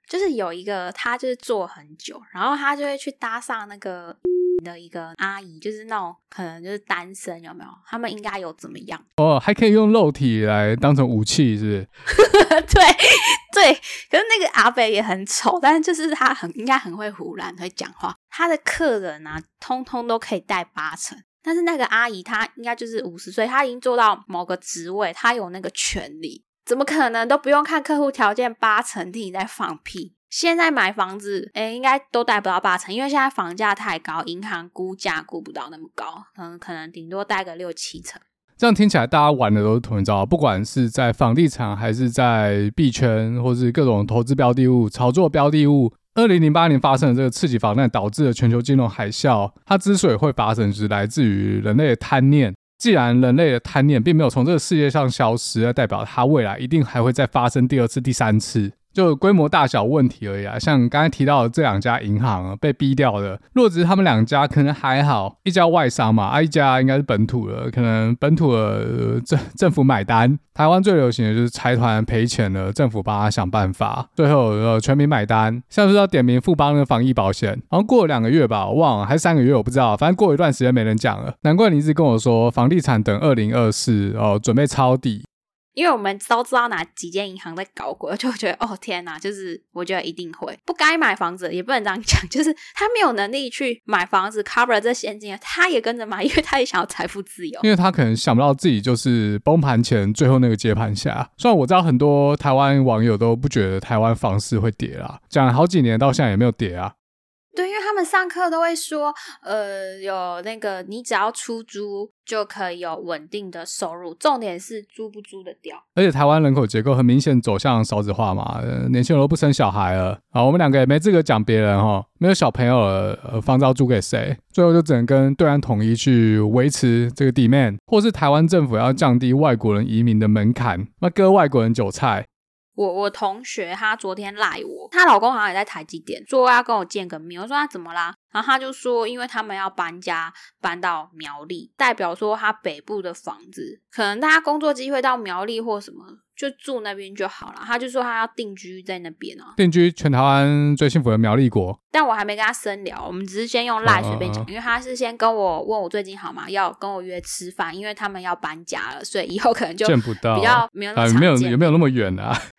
就是有一個他就是做很久，然後他就會去搭上那個。的一個阿姨，就是那種可能就是單身，有沒有？他們應該有怎麼樣？
哦，還可以用肉體來當成武器，是
不是？ 對對，可是那個阿北也很醜，但是就是他很應該很會唬爛會講話，他的客人啊，通通都可以帶八成。但是那個阿姨，她應該就是五十歲，她已經做到某個職位，她有那個權利，怎麼可能都不用看客戶條件八成？你在放屁。現在買房子，哎、欸，應該都貸不到八成，因為現在房價太高，銀行估價估不到那麼高，能、嗯、可能頂多貸個六七成。
這樣聽起來，大家玩的都是同一招，不管是在房地產，還是在幣圈，或是各種投資標的物、炒作的標的物。二零零八年發生的這個次級房貸導致了全球金融海嘯，它之所以會發生，是來自於人類的貪念。既然人類的貪念並沒有從這個世界上消失，代表它未來一定還會再發生第二次、第三次。就規模大小問題而已啊，像剛才提到的這兩家銀行啊，被逼掉的，若只是他們兩家，可能還好，一家外商嘛，啊一家應該是本土的，可能本土的政、呃、政府買單。台灣最流行的就是財團賠錢了，政府幫他想辦法，最後呃全民買單。像是要點名富邦的防疫保險，然後過了兩個月吧，我忘了，還是三個月，我不知道，反正過一段時間沒人講了。難怪你一直跟我說房地產等二零二四哦，準備抄底。
因為我們都知道哪幾間銀行在搞鬼，就覺得哦天哪，就是我覺得一定會。不該買房子，也不能這樣講，就是他沒有能力去買房子 cover 了這現金，他也跟着買，因為他也想要財
富自由，因為他可能想不到自己就是崩盤前最後那個接盤俠。雖然我知道很多台灣網友都不覺得台灣房市會跌啦，講了好幾年到現在也沒有跌啊。
上課都會說，呃，有那個，你只要出租就可以有穩定的收入，重點是租不租得掉。
而且台灣人口結構很明顯走向少子化嘛，呃、年輕人都不生小孩了啊。我們兩個也沒資格講別人哈，沒有小朋友了，呃、房子要租給誰？最後就只能跟對岸統一去維持這個 demand，或是台灣政府要降低外國人移民的門檻，那割外國人韭菜。
我我同學她昨天賴我，她老公好像也在台積電，說要跟我見個面。我說那怎麼啦？然後他就說，因為他們要搬家，搬到苗栗，代表說他北部的房子，可能他工作機會到苗栗或什麼。就住那邊就好了，他就說他要定居在那邊哦、
啊，定居全台灣最幸福的苗栗國。
嗯、但我還沒跟他深聊，我們只是先用賴隨便講，啊、因為他是先跟我問我最近好嗎，要跟我約吃飯，因為他們要搬家了，所以以後可能就見，見不到，比、哎、較沒
有沒有有沒有那麼遠啊？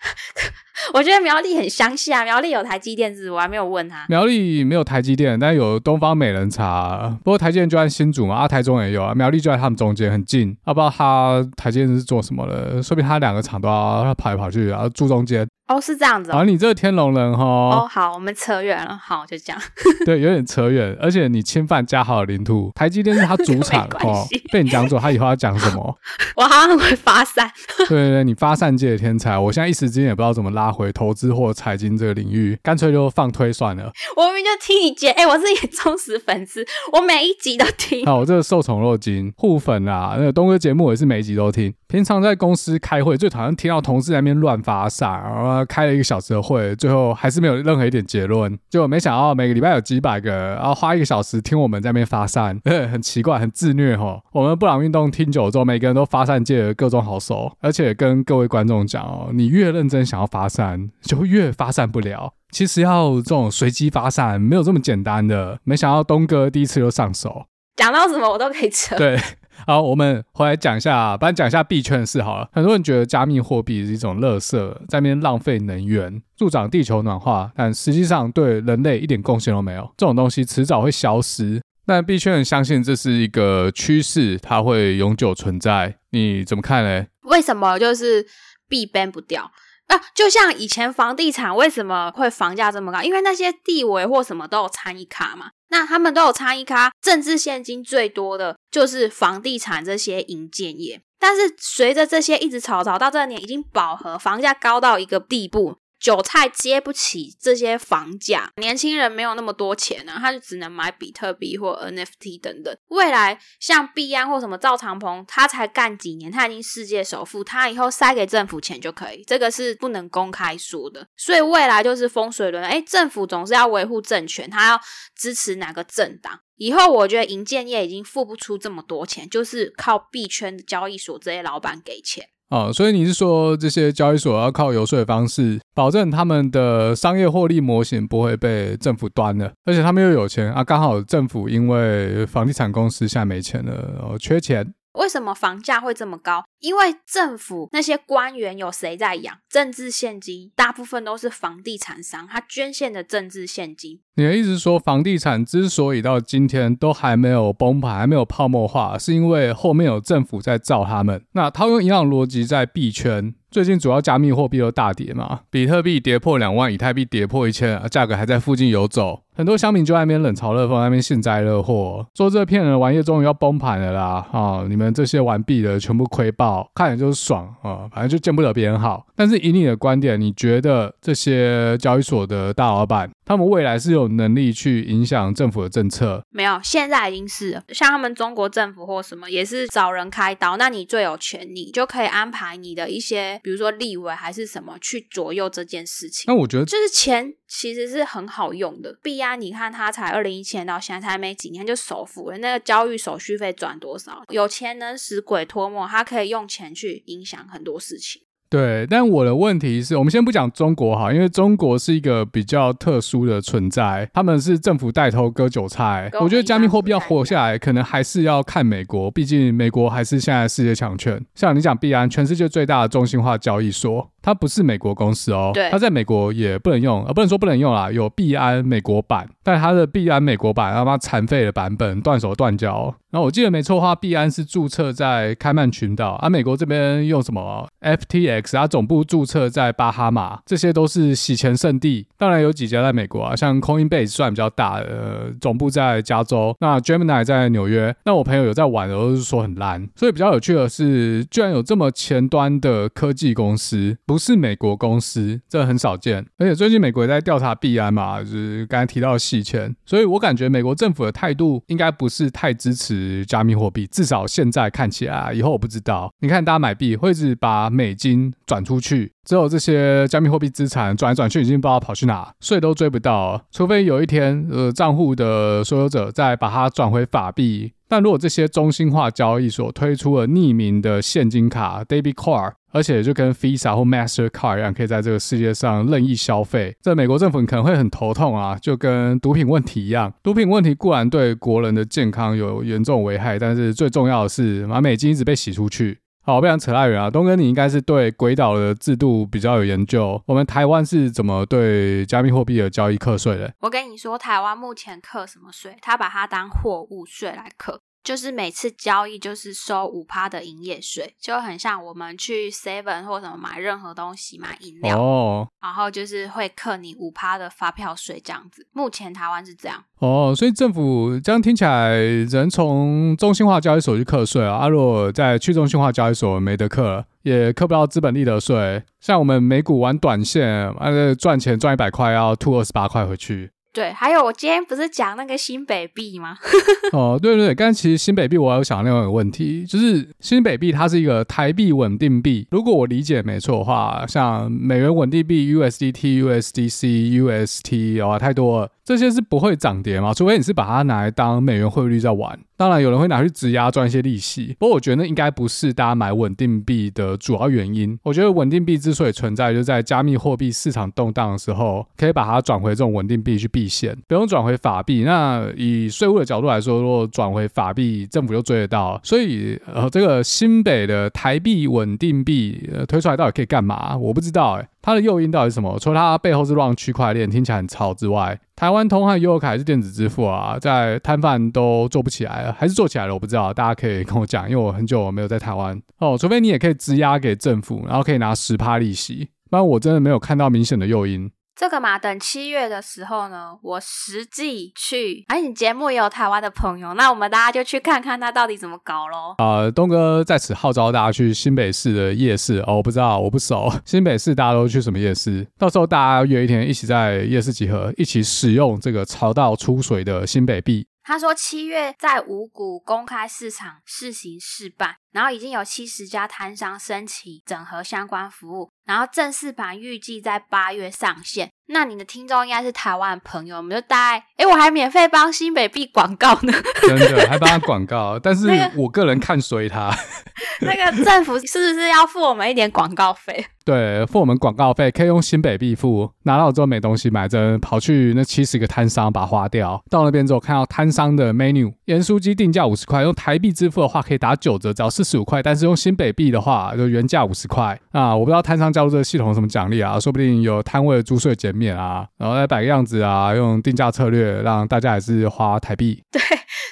我覺得苗栗很相似啊，苗栗有台積電是不是？我還沒有問他，
苗栗沒有台積電，但有東方美人茶啊。不過台積電就在新竹嘛，啊，啊台中也有啊，苗栗就在他們中間，很近。啊，不知道他台積電是做什麼的，說不定他兩個廠都要跑來跑去，啊，然後住中間。
哦，是這樣子、哦。好，
你這個天龍人哈。哦，好，我
們扯遠了。好，就這樣。
對，有點扯遠，而且你侵犯嘉豪的領土。台積電是他主場哦，被你講走，他以後要講什麼？
我好像很會發散。
對對對，你發散界的天才，我現在一時之間也不知道怎麼拉回投資或財經這個領域，乾脆就放推算了。
我明明就聽你節哎、欸，我是你忠實粉絲，我每一集都聽。哦，
我這個受寵若驚，互粉啊！那個東哥節目也是每一集都聽。平常在公司開會，最討厭聽到同事在那邊亂發散，然後開了一個小時的會，最後還是沒有任何一點結論。就沒想到每個禮拜有幾百個，然後花一個小時聽我們在那邊發散，嗯、很奇怪，很自虐吼。我們布朗運動聽久之後，每個人都發散界的各種好手。而且跟各位觀眾講哦，你越認真想要發散，就越發散不了。其實要這種隨機發散沒有這麼簡單的。沒想到東哥第一次就上手，
講到什麼我都可以扯。對。
好，我們回來講一下，先講一下幣圈的事好了。很多人覺得加密貨幣是一種垃圾，在那邊浪費能源，助長地球暖化，但實際上對人類一點貢獻都沒有。這種東西遲早會消失。但幣圈人相信這是一個趨勢，它會永久存在。你怎麼看嘞？
為什麼就是幣 ban 不掉啊？就像以前房地產為什麼會房價這麼高？因為那些地位或什麼都有參與卡嘛。那他們都有參與咖，政治現金最多的就是房地產這些營建業，但是隨着這些一直炒炒到這年已經飽和，房價高到一個地步。韭菜接不起這些房價，年輕人沒有那麼多錢呢、啊，他就只能買比特幣或 NFT 等等。未來像幣安或什麼趙長鵬，他才幹幾年，他已經世界首富，他以後塞給政府錢就可以，這個是不能公開說的。所以未來就是風水輪，哎，政府總是要維護政權，他要支持哪個政黨。以後我覺得營建業已經付不出這麼多錢，就是靠幣圈的交易所這些老闆給錢。
啊、哦，所以你是說這些交易所要靠遊說的方式保證他們的商業獲利模型不會被政府端了，而且他們又有錢啊，剛好政府因為房地產公司現在沒錢了，然後、哦、缺錢，
為什麼房價會這麼高？因為政府那些官員有誰在養政治獻金？大部分都是房地產商他捐獻的政治獻金。
你的意思說，房地產之所以到今天都還沒有崩盤，還沒有泡沫化，是因為後面有政府在造他們？那套用一樣邏輯在幣圈，最近主要加密貨幣都大跌嘛？比特幣跌破兩萬，以太幣跌破一千，啊，價格還在附近遊走。很多鄉民就在那邊冷嘲熱諷，那邊幸災樂禍，說這騙人的玩意終於要崩盤了啦！啊，你們這些玩幣的全部虧爆。好，看着就是爽啊，呃，反正就見不得別人好。但是以你的觀點，你覺得這些交易所的大老闆，他們未來是有能力去影響政府的政策？
沒有，現在已經是了。像他們中國政府或什麼，也是找人開刀。那你最有權你就可以安排你的一些，比如說立委還是什麼，去左右這件事情。那我覺得就是錢。其實是很好用的，幣安你看它才二零一七年到現在才沒幾年就首富了，那個交易手續費賺多少？有錢能使鬼推磨，它可以用錢去影響很多事情。
對，但我的問題是，我們先不講中國哈，因為中國是一個比較特殊的存在，他們是政府帶頭割韭菜。我，我覺得加密貨幣要活下來，可能還是要看美國，畢竟美國還是現在世界強權。像你講幣安，全世界最大的中心化交易所。它不是美國公司哦，對它在美國也不能用，呃，不能說不能用啦，有幣安美國版，但它的幣安美國版他媽殘廢的版本，斷手斷腳，哦。然後，啊，我記得沒錯的話，幣安是註冊在開曼群島，而，啊，美國這邊用什麼 FTX，啊，總部註冊在巴哈馬，這些都是洗錢聖地。當然有幾家在美國啊，像 Coinbase 算比較大，呃，總部在加州，那 Gemini 在紐約。那我朋友有在玩的，都是說很爛。所以比較有趣的是，居然有這麼前端的科技公司。不是美國公司，這很少見。而且最近美國也在調查幣安嘛，就是剛才提到的洗錢，所以我感覺美國政府的態度應該不是太支持加密貨幣，至少現在看起來，啊，以後我不知道。你看，大家買幣，會是把美金轉出去之後，這些加密貨幣資產轉來轉去，已經不知道跑去哪，稅都追不到，除非有一天，呃，賬戶的所有者再把它轉回法幣。但如果這些中心化交易所推出了匿名的現金卡 d a v i t Card），而且就跟 Visa 或 Master Card 一樣，可以在這個世界上任意消費，這美國政府可能會很頭痛啊，就跟毒品問題一樣。毒品問題固然對國人的健康有嚴重危害，但是最重要的是，把美金一直被洗出去。好，我不想扯太遠啊，東哥，你應該是對鬼島的制度比較有研究。我們台灣是怎麼對加密貨幣的交易課稅的？
我跟你說，台灣目前課什麼稅？他把它當貨物稅來課。就是每次交易就是收五趴的營業稅，就很像我們去 Seven 或者什麼買任何東西買飲
料，哦、
然後就是會扣你五趴的發票稅這樣子。目前台灣是這樣
哦，所以政府這樣聽起來，人從中心化交易所去課稅啊。阿、啊、若在去中心化交易所沒得課，也課不到資本利得稅。像我們美股玩短線，啊，賺錢賺一百塊要吐二十八塊回去。
對，還有我今天不是講那個新北幣嗎？
哦，對對對，剛才其實新北幣我還有想到另外一個問題，就是新北幣它是一個台幣穩定幣，如果我理解沒錯的話，像美元穩定幣 USDT、USDC、UST 啊、哦，太多了，這些是不會漲跌嘛？除非你是把它拿來當美元匯率在玩。當然，有人會拿去質押賺一些利息，不過我覺得那應該不是大家買穩定幣的主要原因。我覺得穩定幣之所以存在，就是在加密貨幣市場動盪的時候，可以把它轉回這種穩定幣去避險，不用轉回法幣。那以稅務的角度來說，如果轉回法幣，政府就追得到。所以，呃，這個新北的台幣穩定幣，呃，推出來到底可以幹嘛？我不知道誒、欸。它的誘因到底是什麼？除了它背後是亂區塊鏈聽起來很潮之外，台灣通和優我卡還是電子支付啊，在攤販都做不起來了，還是做起來了？我不知道，大家可以跟我講，因為我很久沒有在台灣。哦，除非你也可以質押給政府，然後可以拿十趴利息，不然我真的沒有看到明顯的誘因。
這個嘛，等七月的時候呢，我實際去。而、啊，你節目也有台灣的朋友，那我們大家就去看看他到底怎麼搞咯。
呃，東哥在此號召大家去新北市的夜市哦，我不知道，我不熟新北市，大家都去什麼夜市？到時候大家約一天，一起在夜市集合，一起使用這個潮到出水的新北幣。
他說，七月在五股公開市場試行試辦，然後已經有七十家攤商申請整合相關服務，然後正式版預計在八月上線。那你的聽眾應該是台灣朋友，我們就大概、欸……我還免費幫新北幣廣告呢，
真的還幫他廣告， 但是我個人看衰他。
那個政府是不是要付我們一點廣告費？
對，付我們廣告費可以用新北幣付，拿到之後沒東西買真，真跑去那七十個攤商把它花掉。到那邊之後看到攤商的 menu，鹽酥雞定價五十塊，用台幣支付的話可以打九折，只要四十五塊。但是用新北幣的話就原價五十塊啊！我不知道攤商加入這個系統有什麼獎勵啊，說不定有攤位的租稅減免啊，然後再擺個樣子啊，用定價策略讓大家也是花台幣。對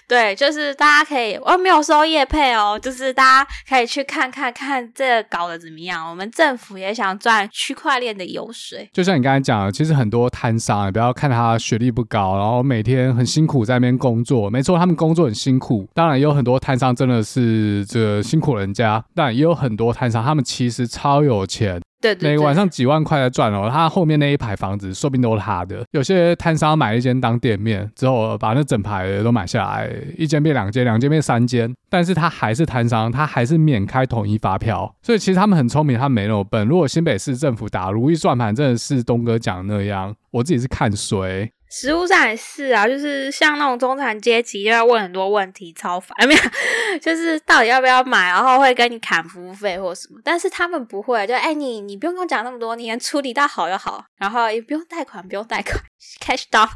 對，就是大家可以，我沒有收業配哦，就是大家。可以去看看看這搞得怎麼樣？我們政府也想賺區塊鏈的油水。
就像你剛才講的，其實很多攤商，你不要看他學歷不高，然後每天很辛苦在那邊工作。沒錯，他們工作很辛苦。當然，也有很多攤商真的是這個辛苦人家，但也有很多攤商，他們其實超有錢。對對對，每個晚上幾萬塊在賺哦，他後面那一排房子說不定都是他的。有些攤商買一間當店面，之後把那整排的都買下來，一間變兩間，兩間變三間，但是他還是攤商，他還是免開統一發票。所以其實他們很聰明，他沒那麼笨。如果新北市政府打如意算盤，真的是東哥講的那樣，我自己是看衰。
實務上也是啊，就是像那種中產階級，又要問很多問題，超煩啊！沒有，就是到底要不要買，然後會跟你砍服務費或什麼，但是他們不會，就哎你你不用跟我講那麼多年，你處理到好就好，然後也不用貸款，不用貸款 ，cash down，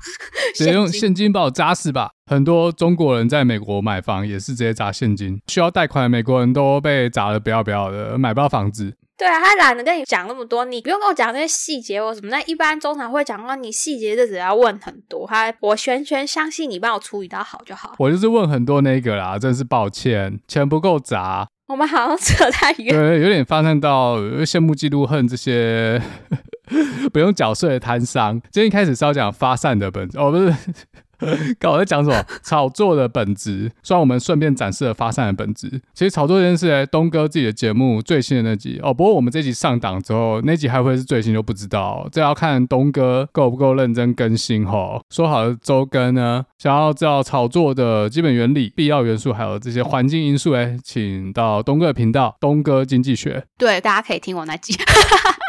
用
現金把我砸死吧！ 很多中國人在美國買房也是直接砸現金，需要貸款的美國人都被砸得不要不要的，買不到房子。
對啊，他懶得跟你講那麼多，你不用跟我講那些細節或什麼。那一般中場會講到你細節，這只要問很多。我完全相信你幫我處理到好就好。
我就是問很多那個啦，真是抱歉，錢不夠砸。
我們好像扯太遠，
對，有點發散到羨慕嫉妒恨這些， 不用繳稅的攤商。今天開始是要講發散的本質哦，不是。搞 我在講什麼，炒作的本質。雖然我們順便展示了發散的本質。其實炒作這件事、欸，哎，東哥自己的節目最新的那集哦。不過我們這集上檔之後，那集還會是最新都不知道，這要看東哥夠不夠認真更新哈。說好的周更呢？想要知道炒作的基本原理、必要元素，還有這些環境因素、欸，哎，請到東哥的頻道，東哥經濟學。
對，大家可以聽我那集。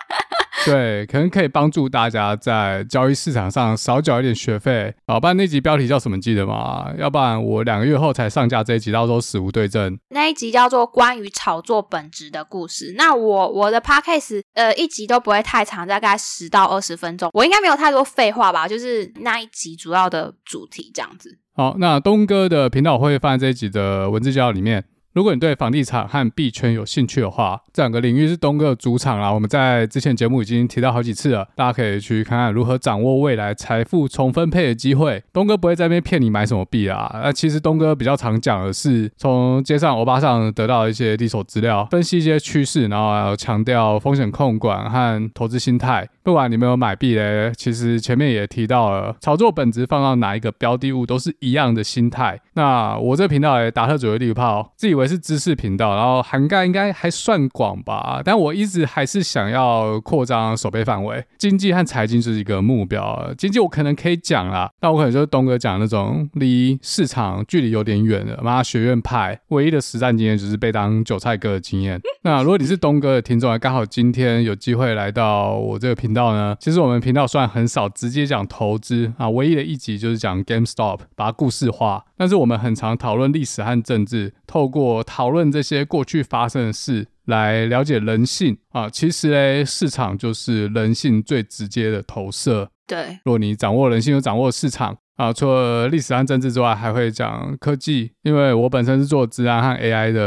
對，可能可以幫助大家在交易市場上少繳一點學費。好，那那集標題叫什麼？記得嗎？要不然我兩個月後才上架這一集，到時候死無對證。
那一集叫做《關於炒作本質的故事》。那我我的 podcast 呃一集都不會太長，大概十到二十分鐘。我應該沒有太多廢話吧？就是那一集主要的主題這樣子。
好，那東哥的頻道會放在這一集的文字介紹裡面。如果你對房地產和幣圈有興趣的話，這兩個領域是東哥的主場啦。我們在之前節目已經提到好幾次了，大家可以去看看如何掌握未來財富重分配的機會。東哥不會在那邊騙你買什麼幣啦。那其實東哥比較常講的是從街上、歐巴上得到一些一手資料，分析一些趨勢，然後還有強調風險控管和投資心態。不管你們有買幣嘞，其實前面也提到了，炒作本質放到哪一個標的物都是一樣的心態。那我這頻道也達特主義地圖炮，自以為。還是知識頻道，然後涵蓋應該還算廣吧。但我一直還是想要擴張守備範圍，經濟和財經是一個目標。經濟我可能可以講啦，但我可能就是東哥講那種離市場距離有點遠的，嘛，學院派唯一的實戰經驗就是被當韭菜割的經驗。嗯、那如果你是東哥的聽眾，啊，剛好今天有機會來到我這個頻道呢，其實我們頻道算很少直接講投資啊，唯一的一集就是講 GameStop，把它故事化，但是我們很常討論歷史和政治，透過。我討論這些過去發生的事，來了解人性啊。其實呢，市場就是人性最直接的投射。對，若你掌握人性，又掌握市場啊。除了歷史和政治之外，還會講科技，因為我本身是做自然和 AI 的、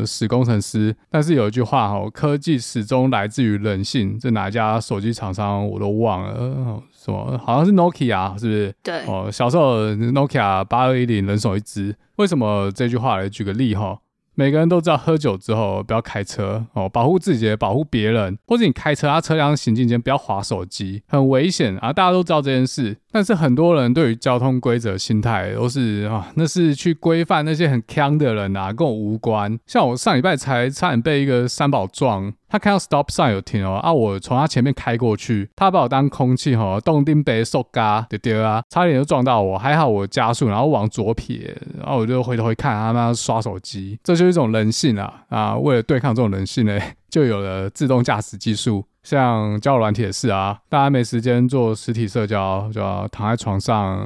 呃、史工程師。但是有一句話哈、哦，科技始終來自於人性。這哪一家手機廠商我都忘了，呃、什麼好像是 Nokia、ok、是不是？對哦，小時候 Nokia、ok、八二一零，人手一支。為什麼這句話，來舉個例哈。每個人都知道喝酒之後不要開車哦，保護自己，保護別人，或者你開車啊，車輛行進間不要滑手機，很危險啊！大家都知道這件事，但是很多人對於交通規則心態都是啊，那是去規範那些很鏘的人啊，跟我無關。像我上禮拜才差點被一個三寶撞，他看到 stop sign 有停哦，啊，我從他前面開過去，他把我當空氣哦，凍丁杯，速 b 丟 so 啊，差點就撞到我，還好我加速，然後往左撇，然、啊、後我就回頭一看，他媽刷手機，這就。就一種人性啊啊！為了對抗這種人性呢，就有了自動駕駛技術，像交友軟體啊，大家沒時間做實體社交，就要躺在床上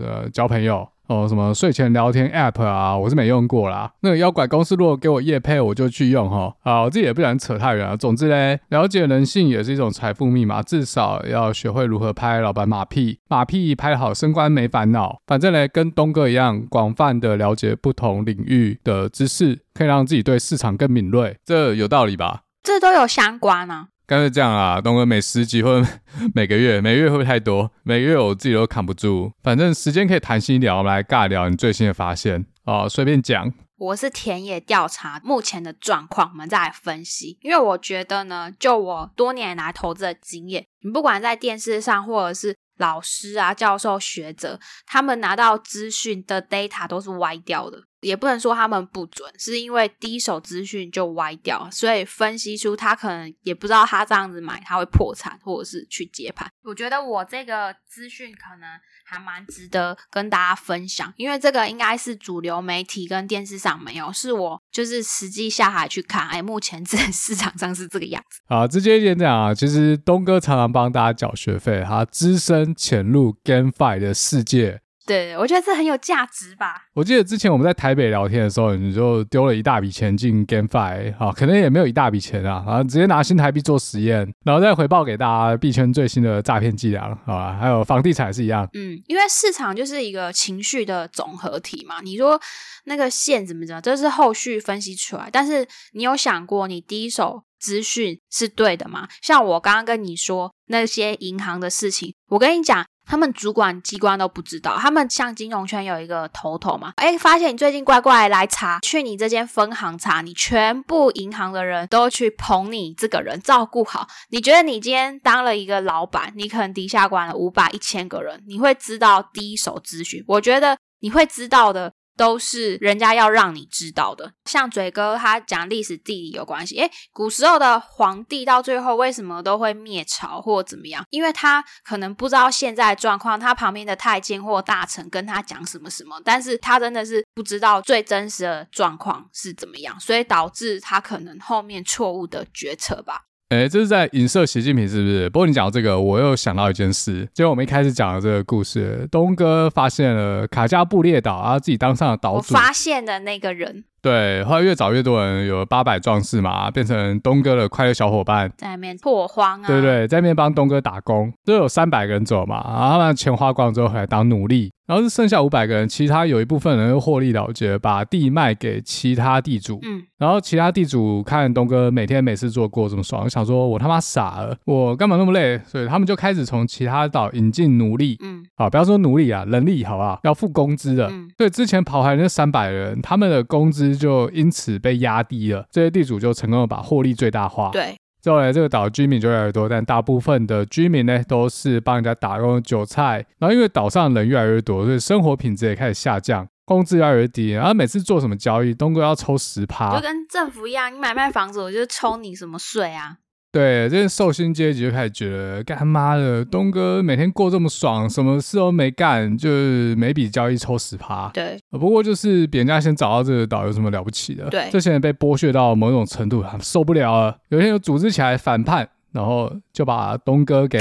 呃交朋友。哦，什麼睡前聊天 App 啊，我是沒用過啦。那個妖怪公司如果給我業配，我就去用吼。啊，我自己也不想扯太遠啊，總之嘞，了解人性也是一種財富密碼，至少要學會如何拍老闆馬屁，馬屁拍得好升官，沒煩惱。反正嘞，跟東哥一樣，廣泛的了解不同領域的知識，可以讓自己對市場更敏銳。這有道理吧？
這都有相關啊。
乾脆這樣啊，東哥每十集或者每個月，每個月會不會太多？每個月我自己都扛不住。反正時間可以彈性一點，我們來尬聊你最新的發現啊，隨便講。
我是田野調查目前的狀況，我們再來分析。因為我覺得呢，就我多年來投資的經驗，你不管在電視上或者是老師啊、教授、學者，他們拿到資訊的 data 都是歪掉的。也不能說他們不準，是因為第一手資訊就歪掉，所以分析出他可能也不知道他這樣子買他會破產，或者是去接盤。我覺得我這個資訊可能還蠻值得跟大家分享，因為這個應該是主流媒體跟電視上沒有，是我就是實際下海去看。哎，目前這市場上是這個樣子。
好，直接一點講啊，其實東哥常常幫大家繳學費，他隻身潛入 GameFi 的世界。
對，我覺得這很有價值吧。
我記得之前我們在台北聊天的時候，你就丟了一大筆錢進 GameFi 啊，可能也沒有一大筆錢啊，然後直接拿新台幣做實驗，然後再回報給大家幣圈最新的詐騙伎倆，好、啊、吧？還有房地產是一樣，
嗯，因為市場就是一個情緒的總合體嘛。你說那個線怎麼走怎麼，這是後續分析出來，但是你有想過你第一手資訊是對的嗎？像我剛剛跟你說那些銀行的事情，我跟你講。他們主管機關都不知道，他們像金融圈有一個頭頭嘛。哎，發現你最近乖乖來查，去你這間分行查，你全部銀行的人都去捧你這個人，照顧好。你覺得你今天當了一個老闆，你可能底下管了五百、一千個人，你會知道第一手資訊？我覺得你會知道的。都是人家要讓你知道的，像嘴哥他講歷史地理有關係。誒，古時候的皇帝到最後為什麼都會滅朝或怎麼樣？因為他可能不知道現在的狀況，他旁邊的太監或大臣跟他講什麼什麼，但是他真的是不知道最真實的狀況是怎麼樣，所以導致他可能後面錯誤的決策吧。
哎，這是在影射習近平是不是？不過你講到這個，我又想到一件事。就我們一開始講的這個故事，東哥發現了卡加布列島，他自己當上了島主。我發
現的那個人。
對，後來越找越多人，有八百壯士嘛，變成東哥的快樂小夥伴，
在外面拓荒啊，對
對，在外面幫東哥打工。都有三百個人走嘛，然後他們錢花光之後，回來當奴隸。然後是剩下五百個人，其他有一部分人又獲利了結，把地賣給其他地主。嗯，然後其他地主看東哥每天沒事做過這麼爽，想說我他媽傻了，我幹嘛那麼累？所以他們就開始從其他島引進奴隸。嗯，好，不要說奴隸啊，人力好不好？要付工資的。嗯，所以之前跑海那三百人，他們的工資，就因此被壓低了，這些地主就成功地把獲利最大化。對，最後呢，這個島居民就越來越多，但大部分的居民呢都是幫人家打工的韭菜。然後因為島上的人越來越多，所以生活品質也開始下降，工資越來越低。然後每次做什麼交易，東哥要抽十趴，就
跟政府一樣，你買賣房子我就抽你什麼稅啊。
對，這些受薪階級就開始覺得幹他媽的，東哥每天過這麼爽，什麼事都沒幹，就是每筆交易抽十趴。對，不過就是別人家先找到這個島有什麼了不起的？對，這些人被剝削到某種程度受不了了，有一天就組織起來反叛，然後就把東哥給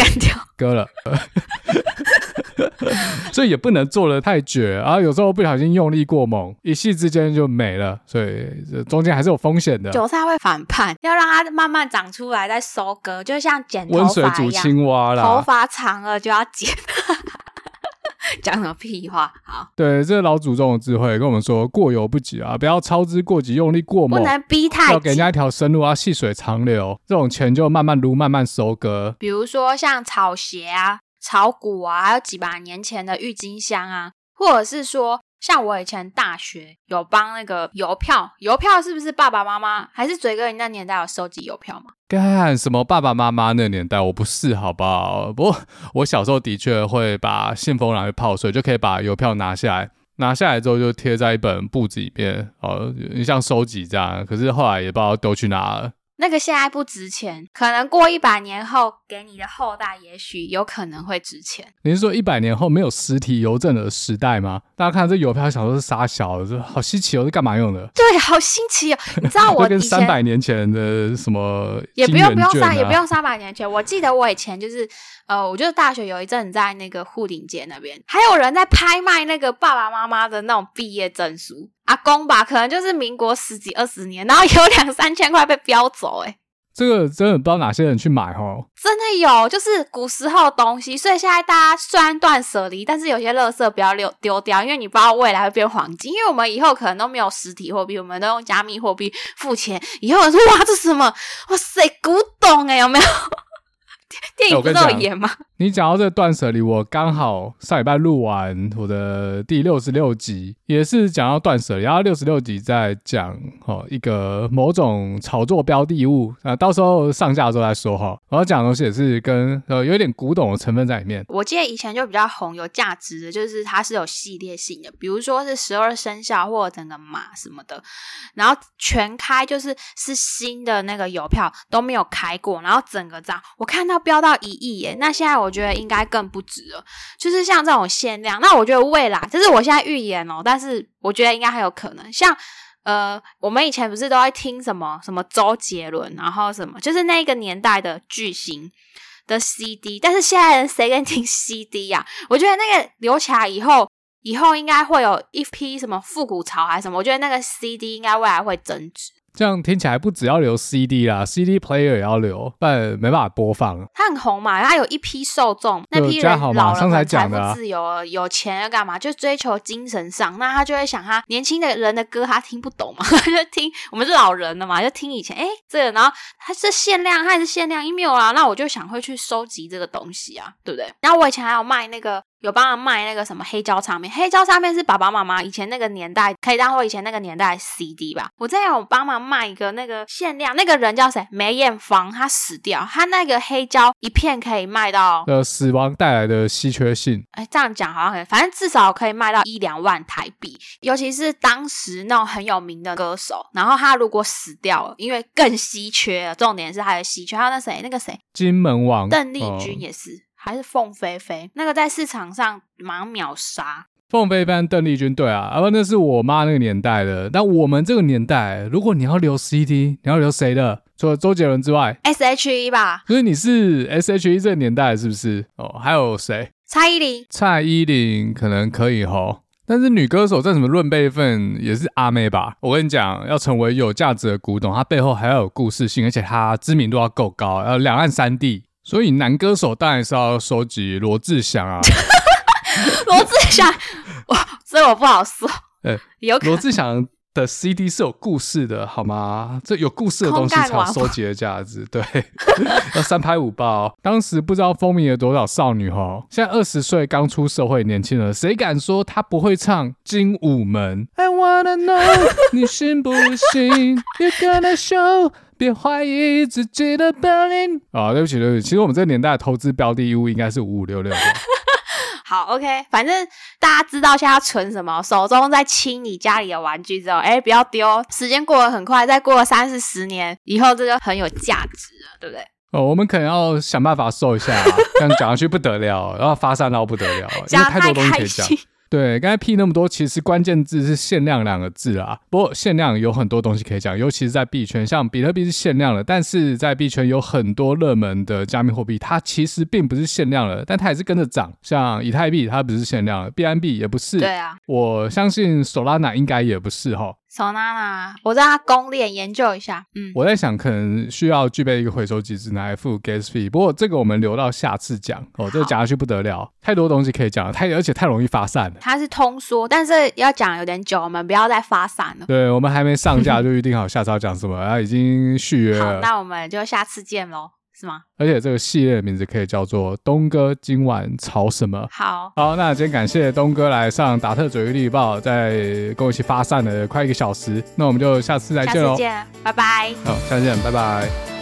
割了。幹掉。 所以也不能做得太絕，然、啊、後有時候不小心用力過猛，一夕之間就沒了。所以這中間還是有風險的。韭
菜會反叛，要讓它慢慢長出來再收割，就像剪頭髮一樣，溫水煮青蛙啦。頭髮長了就要剪，講 什麼屁話？好，
對，這是、個、老祖宗的智慧，跟我們說過猶不及啊，不要操之過急，用力過猛，不能逼太緊要給人家一條生路啊。細水長流，這種錢就慢慢擼，慢慢收割。
比如說像炒鞋啊。炒股啊，還有幾百年前的鬱金香啊，或者是說像我以前大學有幫那個郵票。郵票是不是爸爸媽媽還是嘴哥？你那年代有收集郵票嗎？
幹什麼爸爸媽媽那年代我不是好不好？不過我小時候的確會把信封拿去泡水，就可以把郵票拿下來，拿下來之後就貼在一本簿子裡面哦，你像收集這樣。可是後來也不知道丟去哪了。
那個現在不值錢，可能過一百年後給你的後代，也許有可能會值錢。
你是說一百年後沒有實體郵政的時代嗎？大家看這郵票，想說是啥小的？就好稀奇哦，是幹嘛用的？
對，好新奇哦。你知道我跟三百
年前的什麼、啊？也不用不用三，也不用
三百年前。我記得我以前就是，呃，我就是大學有一陣在那個牯嶺街那邊，還有人在拍賣那個爸爸媽媽的那種畢業證書。阿公吧，可能就是民國十幾二十年，然後有兩三千塊被標走，欸，哎，
這個真的不知道哪些人去買吼，
真的有，就是古時候的東西，所以現在大家雖然斷捨離，但是有些垃圾不要丟丟掉，因為你不知道未來會變黃金，因為我們以後可能都沒有實體貨幣，我們都用加密貨幣付錢，以後人說哇，這是什麼，哇塞，古董哎，欸，有沒有？
電，電影不是有演嗎？欸你講到這斷捨離，我剛好上禮拜錄完我的第六十六集，也是講到斷捨離，然後六十六集在講哦一個某種炒作標的物啊，到時候上架的時候再說哈。我要講的東西也是跟呃有一點古董的成分在裡面。
我記得以前就比較紅、有價值的就是它是有系列性的，比如說是十二生肖或者整個馬什麼的，然後全開就是是新的那個郵票都沒有開過，然後整個張我看到標到一億耶，那現在我。我覺得應該更不值了，就是像這種限量。那我覺得未來，就是我現在預言哦，但是我覺得應該還有可能。像呃，我們以前不是都會聽什麼什麼周杰倫，然後什麼，就是那個年代的巨星的 CD。但是現在人誰敢聽 CD 呀，啊？我覺得那個留起來以後，以後應該會有一批什麼復古潮還是什麼？我覺得那個 CD 應該未來會增值。
這樣聽起來不只要留 CD 啦，CD player 也要留，但沒辦法播放。它
很紅嘛，它有一批受眾，那批人老了還不自由，才講的啊，有錢要幹嘛？就追求精神上，那他就會想他，他年輕的人的歌他聽不懂嘛， 就聽我們是老人了嘛，就聽以前誒這、欸。然後它是限量，它還是限量 email 啊，那我就想會去收集這個東西啊，對不對？然後我以前還有賣那個。有幫忙賣那個什麼黑膠唱片，黑膠唱片是爸爸媽媽以前那個年代，可以當我以前那個年代的 CD 吧。我這樣有幫忙賣一個那個限量，那個人叫誰？梅艷芳，她死掉，她那個黑膠一片可以賣到
呃死亡帶來的稀缺性。
哎、欸，這樣講好像可以，反正至少可以賣到一兩萬台幣，尤其是當時那種很有名的歌手，然後他如果死掉了，因為更稀缺了，重點是還有稀缺，還有那誰那個誰，
金門王，鄧麗君也
是。呃還是鳳飛飛那個在市場上馬上秒殺。
鳳飛飛、鄧麗君，對啊，啊不，那是我媽那個年代的。但我們這個年代，如果你要留 CD，你要留誰的？除了周杰倫之外
，S.H.E 吧。可
是你是 S.H.E 這個年代，是不是？哦，還有誰？蔡依林。蔡依林可能可以吼，但是女歌手在什麼論輩分也是阿妹吧。我跟你講，要成為有價值的古董，它背後還要有故事性，而且它知名度要夠高，要、呃、兩岸三地。所以男歌手當然是要收集羅志祥啊，羅
志祥。 哇，這我不好說。呃、欸，有羅
志祥的 CD 是有故事的，好嗎？這有故事的東西才有收集的價值。對， 要三拍五爆，哦。當時不知道風靡了多少少女哈。現在二十歲剛出社會年輕人，誰敢說他不會唱《精舞門》？I wanna know， 你信不信？You gonna show。別懷疑自己的本領啊！對不起，對不起，其實我們這個年代的投資標的物應該是五五六六。
好，OK，反正大家知道現在要存什麼，手中在清理家裡的玩具之後，哎、欸，不要丟。時間過得很快，再過了三四十年以後，這個很有價值了，對
不對？哦，我們可能要想辦法收一下、啊， 這樣講下去不得了，然後發散到不得了，因為太多東西可以講。對，剛才 P 那麼多，其實關鍵字是“限量”兩個字啊。不過“限量”有很多東西可以講，尤其是在幣圈，像比特幣是限量的，但是在幣圈有很多熱門的加密貨幣，它其實並不是限量的，但它也是跟着漲。像以太幣，它不是限量的，BNB 也不是。對啊，我相信 Solana 應該也不是哈。
從哪呢？So、Nana, 我在他攻略研究一下。嗯，
我在想，可能需要具備一個回收機制拿來付 gas fee。不過這個我們留到下次講哦，好這個講下去不得了，太多東西可以講了，太而且太容易發散了。
它是通縮，但是要講有點久，我們不要再發散了。
對，我們還沒上架就預定好下次要講什麼，然、 啊、已經續約了。好，
那我們就下次見嘍。是
嗎？而且這個系列的名字可以叫做“東哥今晚炒什麼”。好，好，那今天感謝東哥來上《達特嘴力日報》，在跟我一起發散了快一個小時。那我們就下次再見嘍，再見，
拜拜。好，
下次見，拜拜。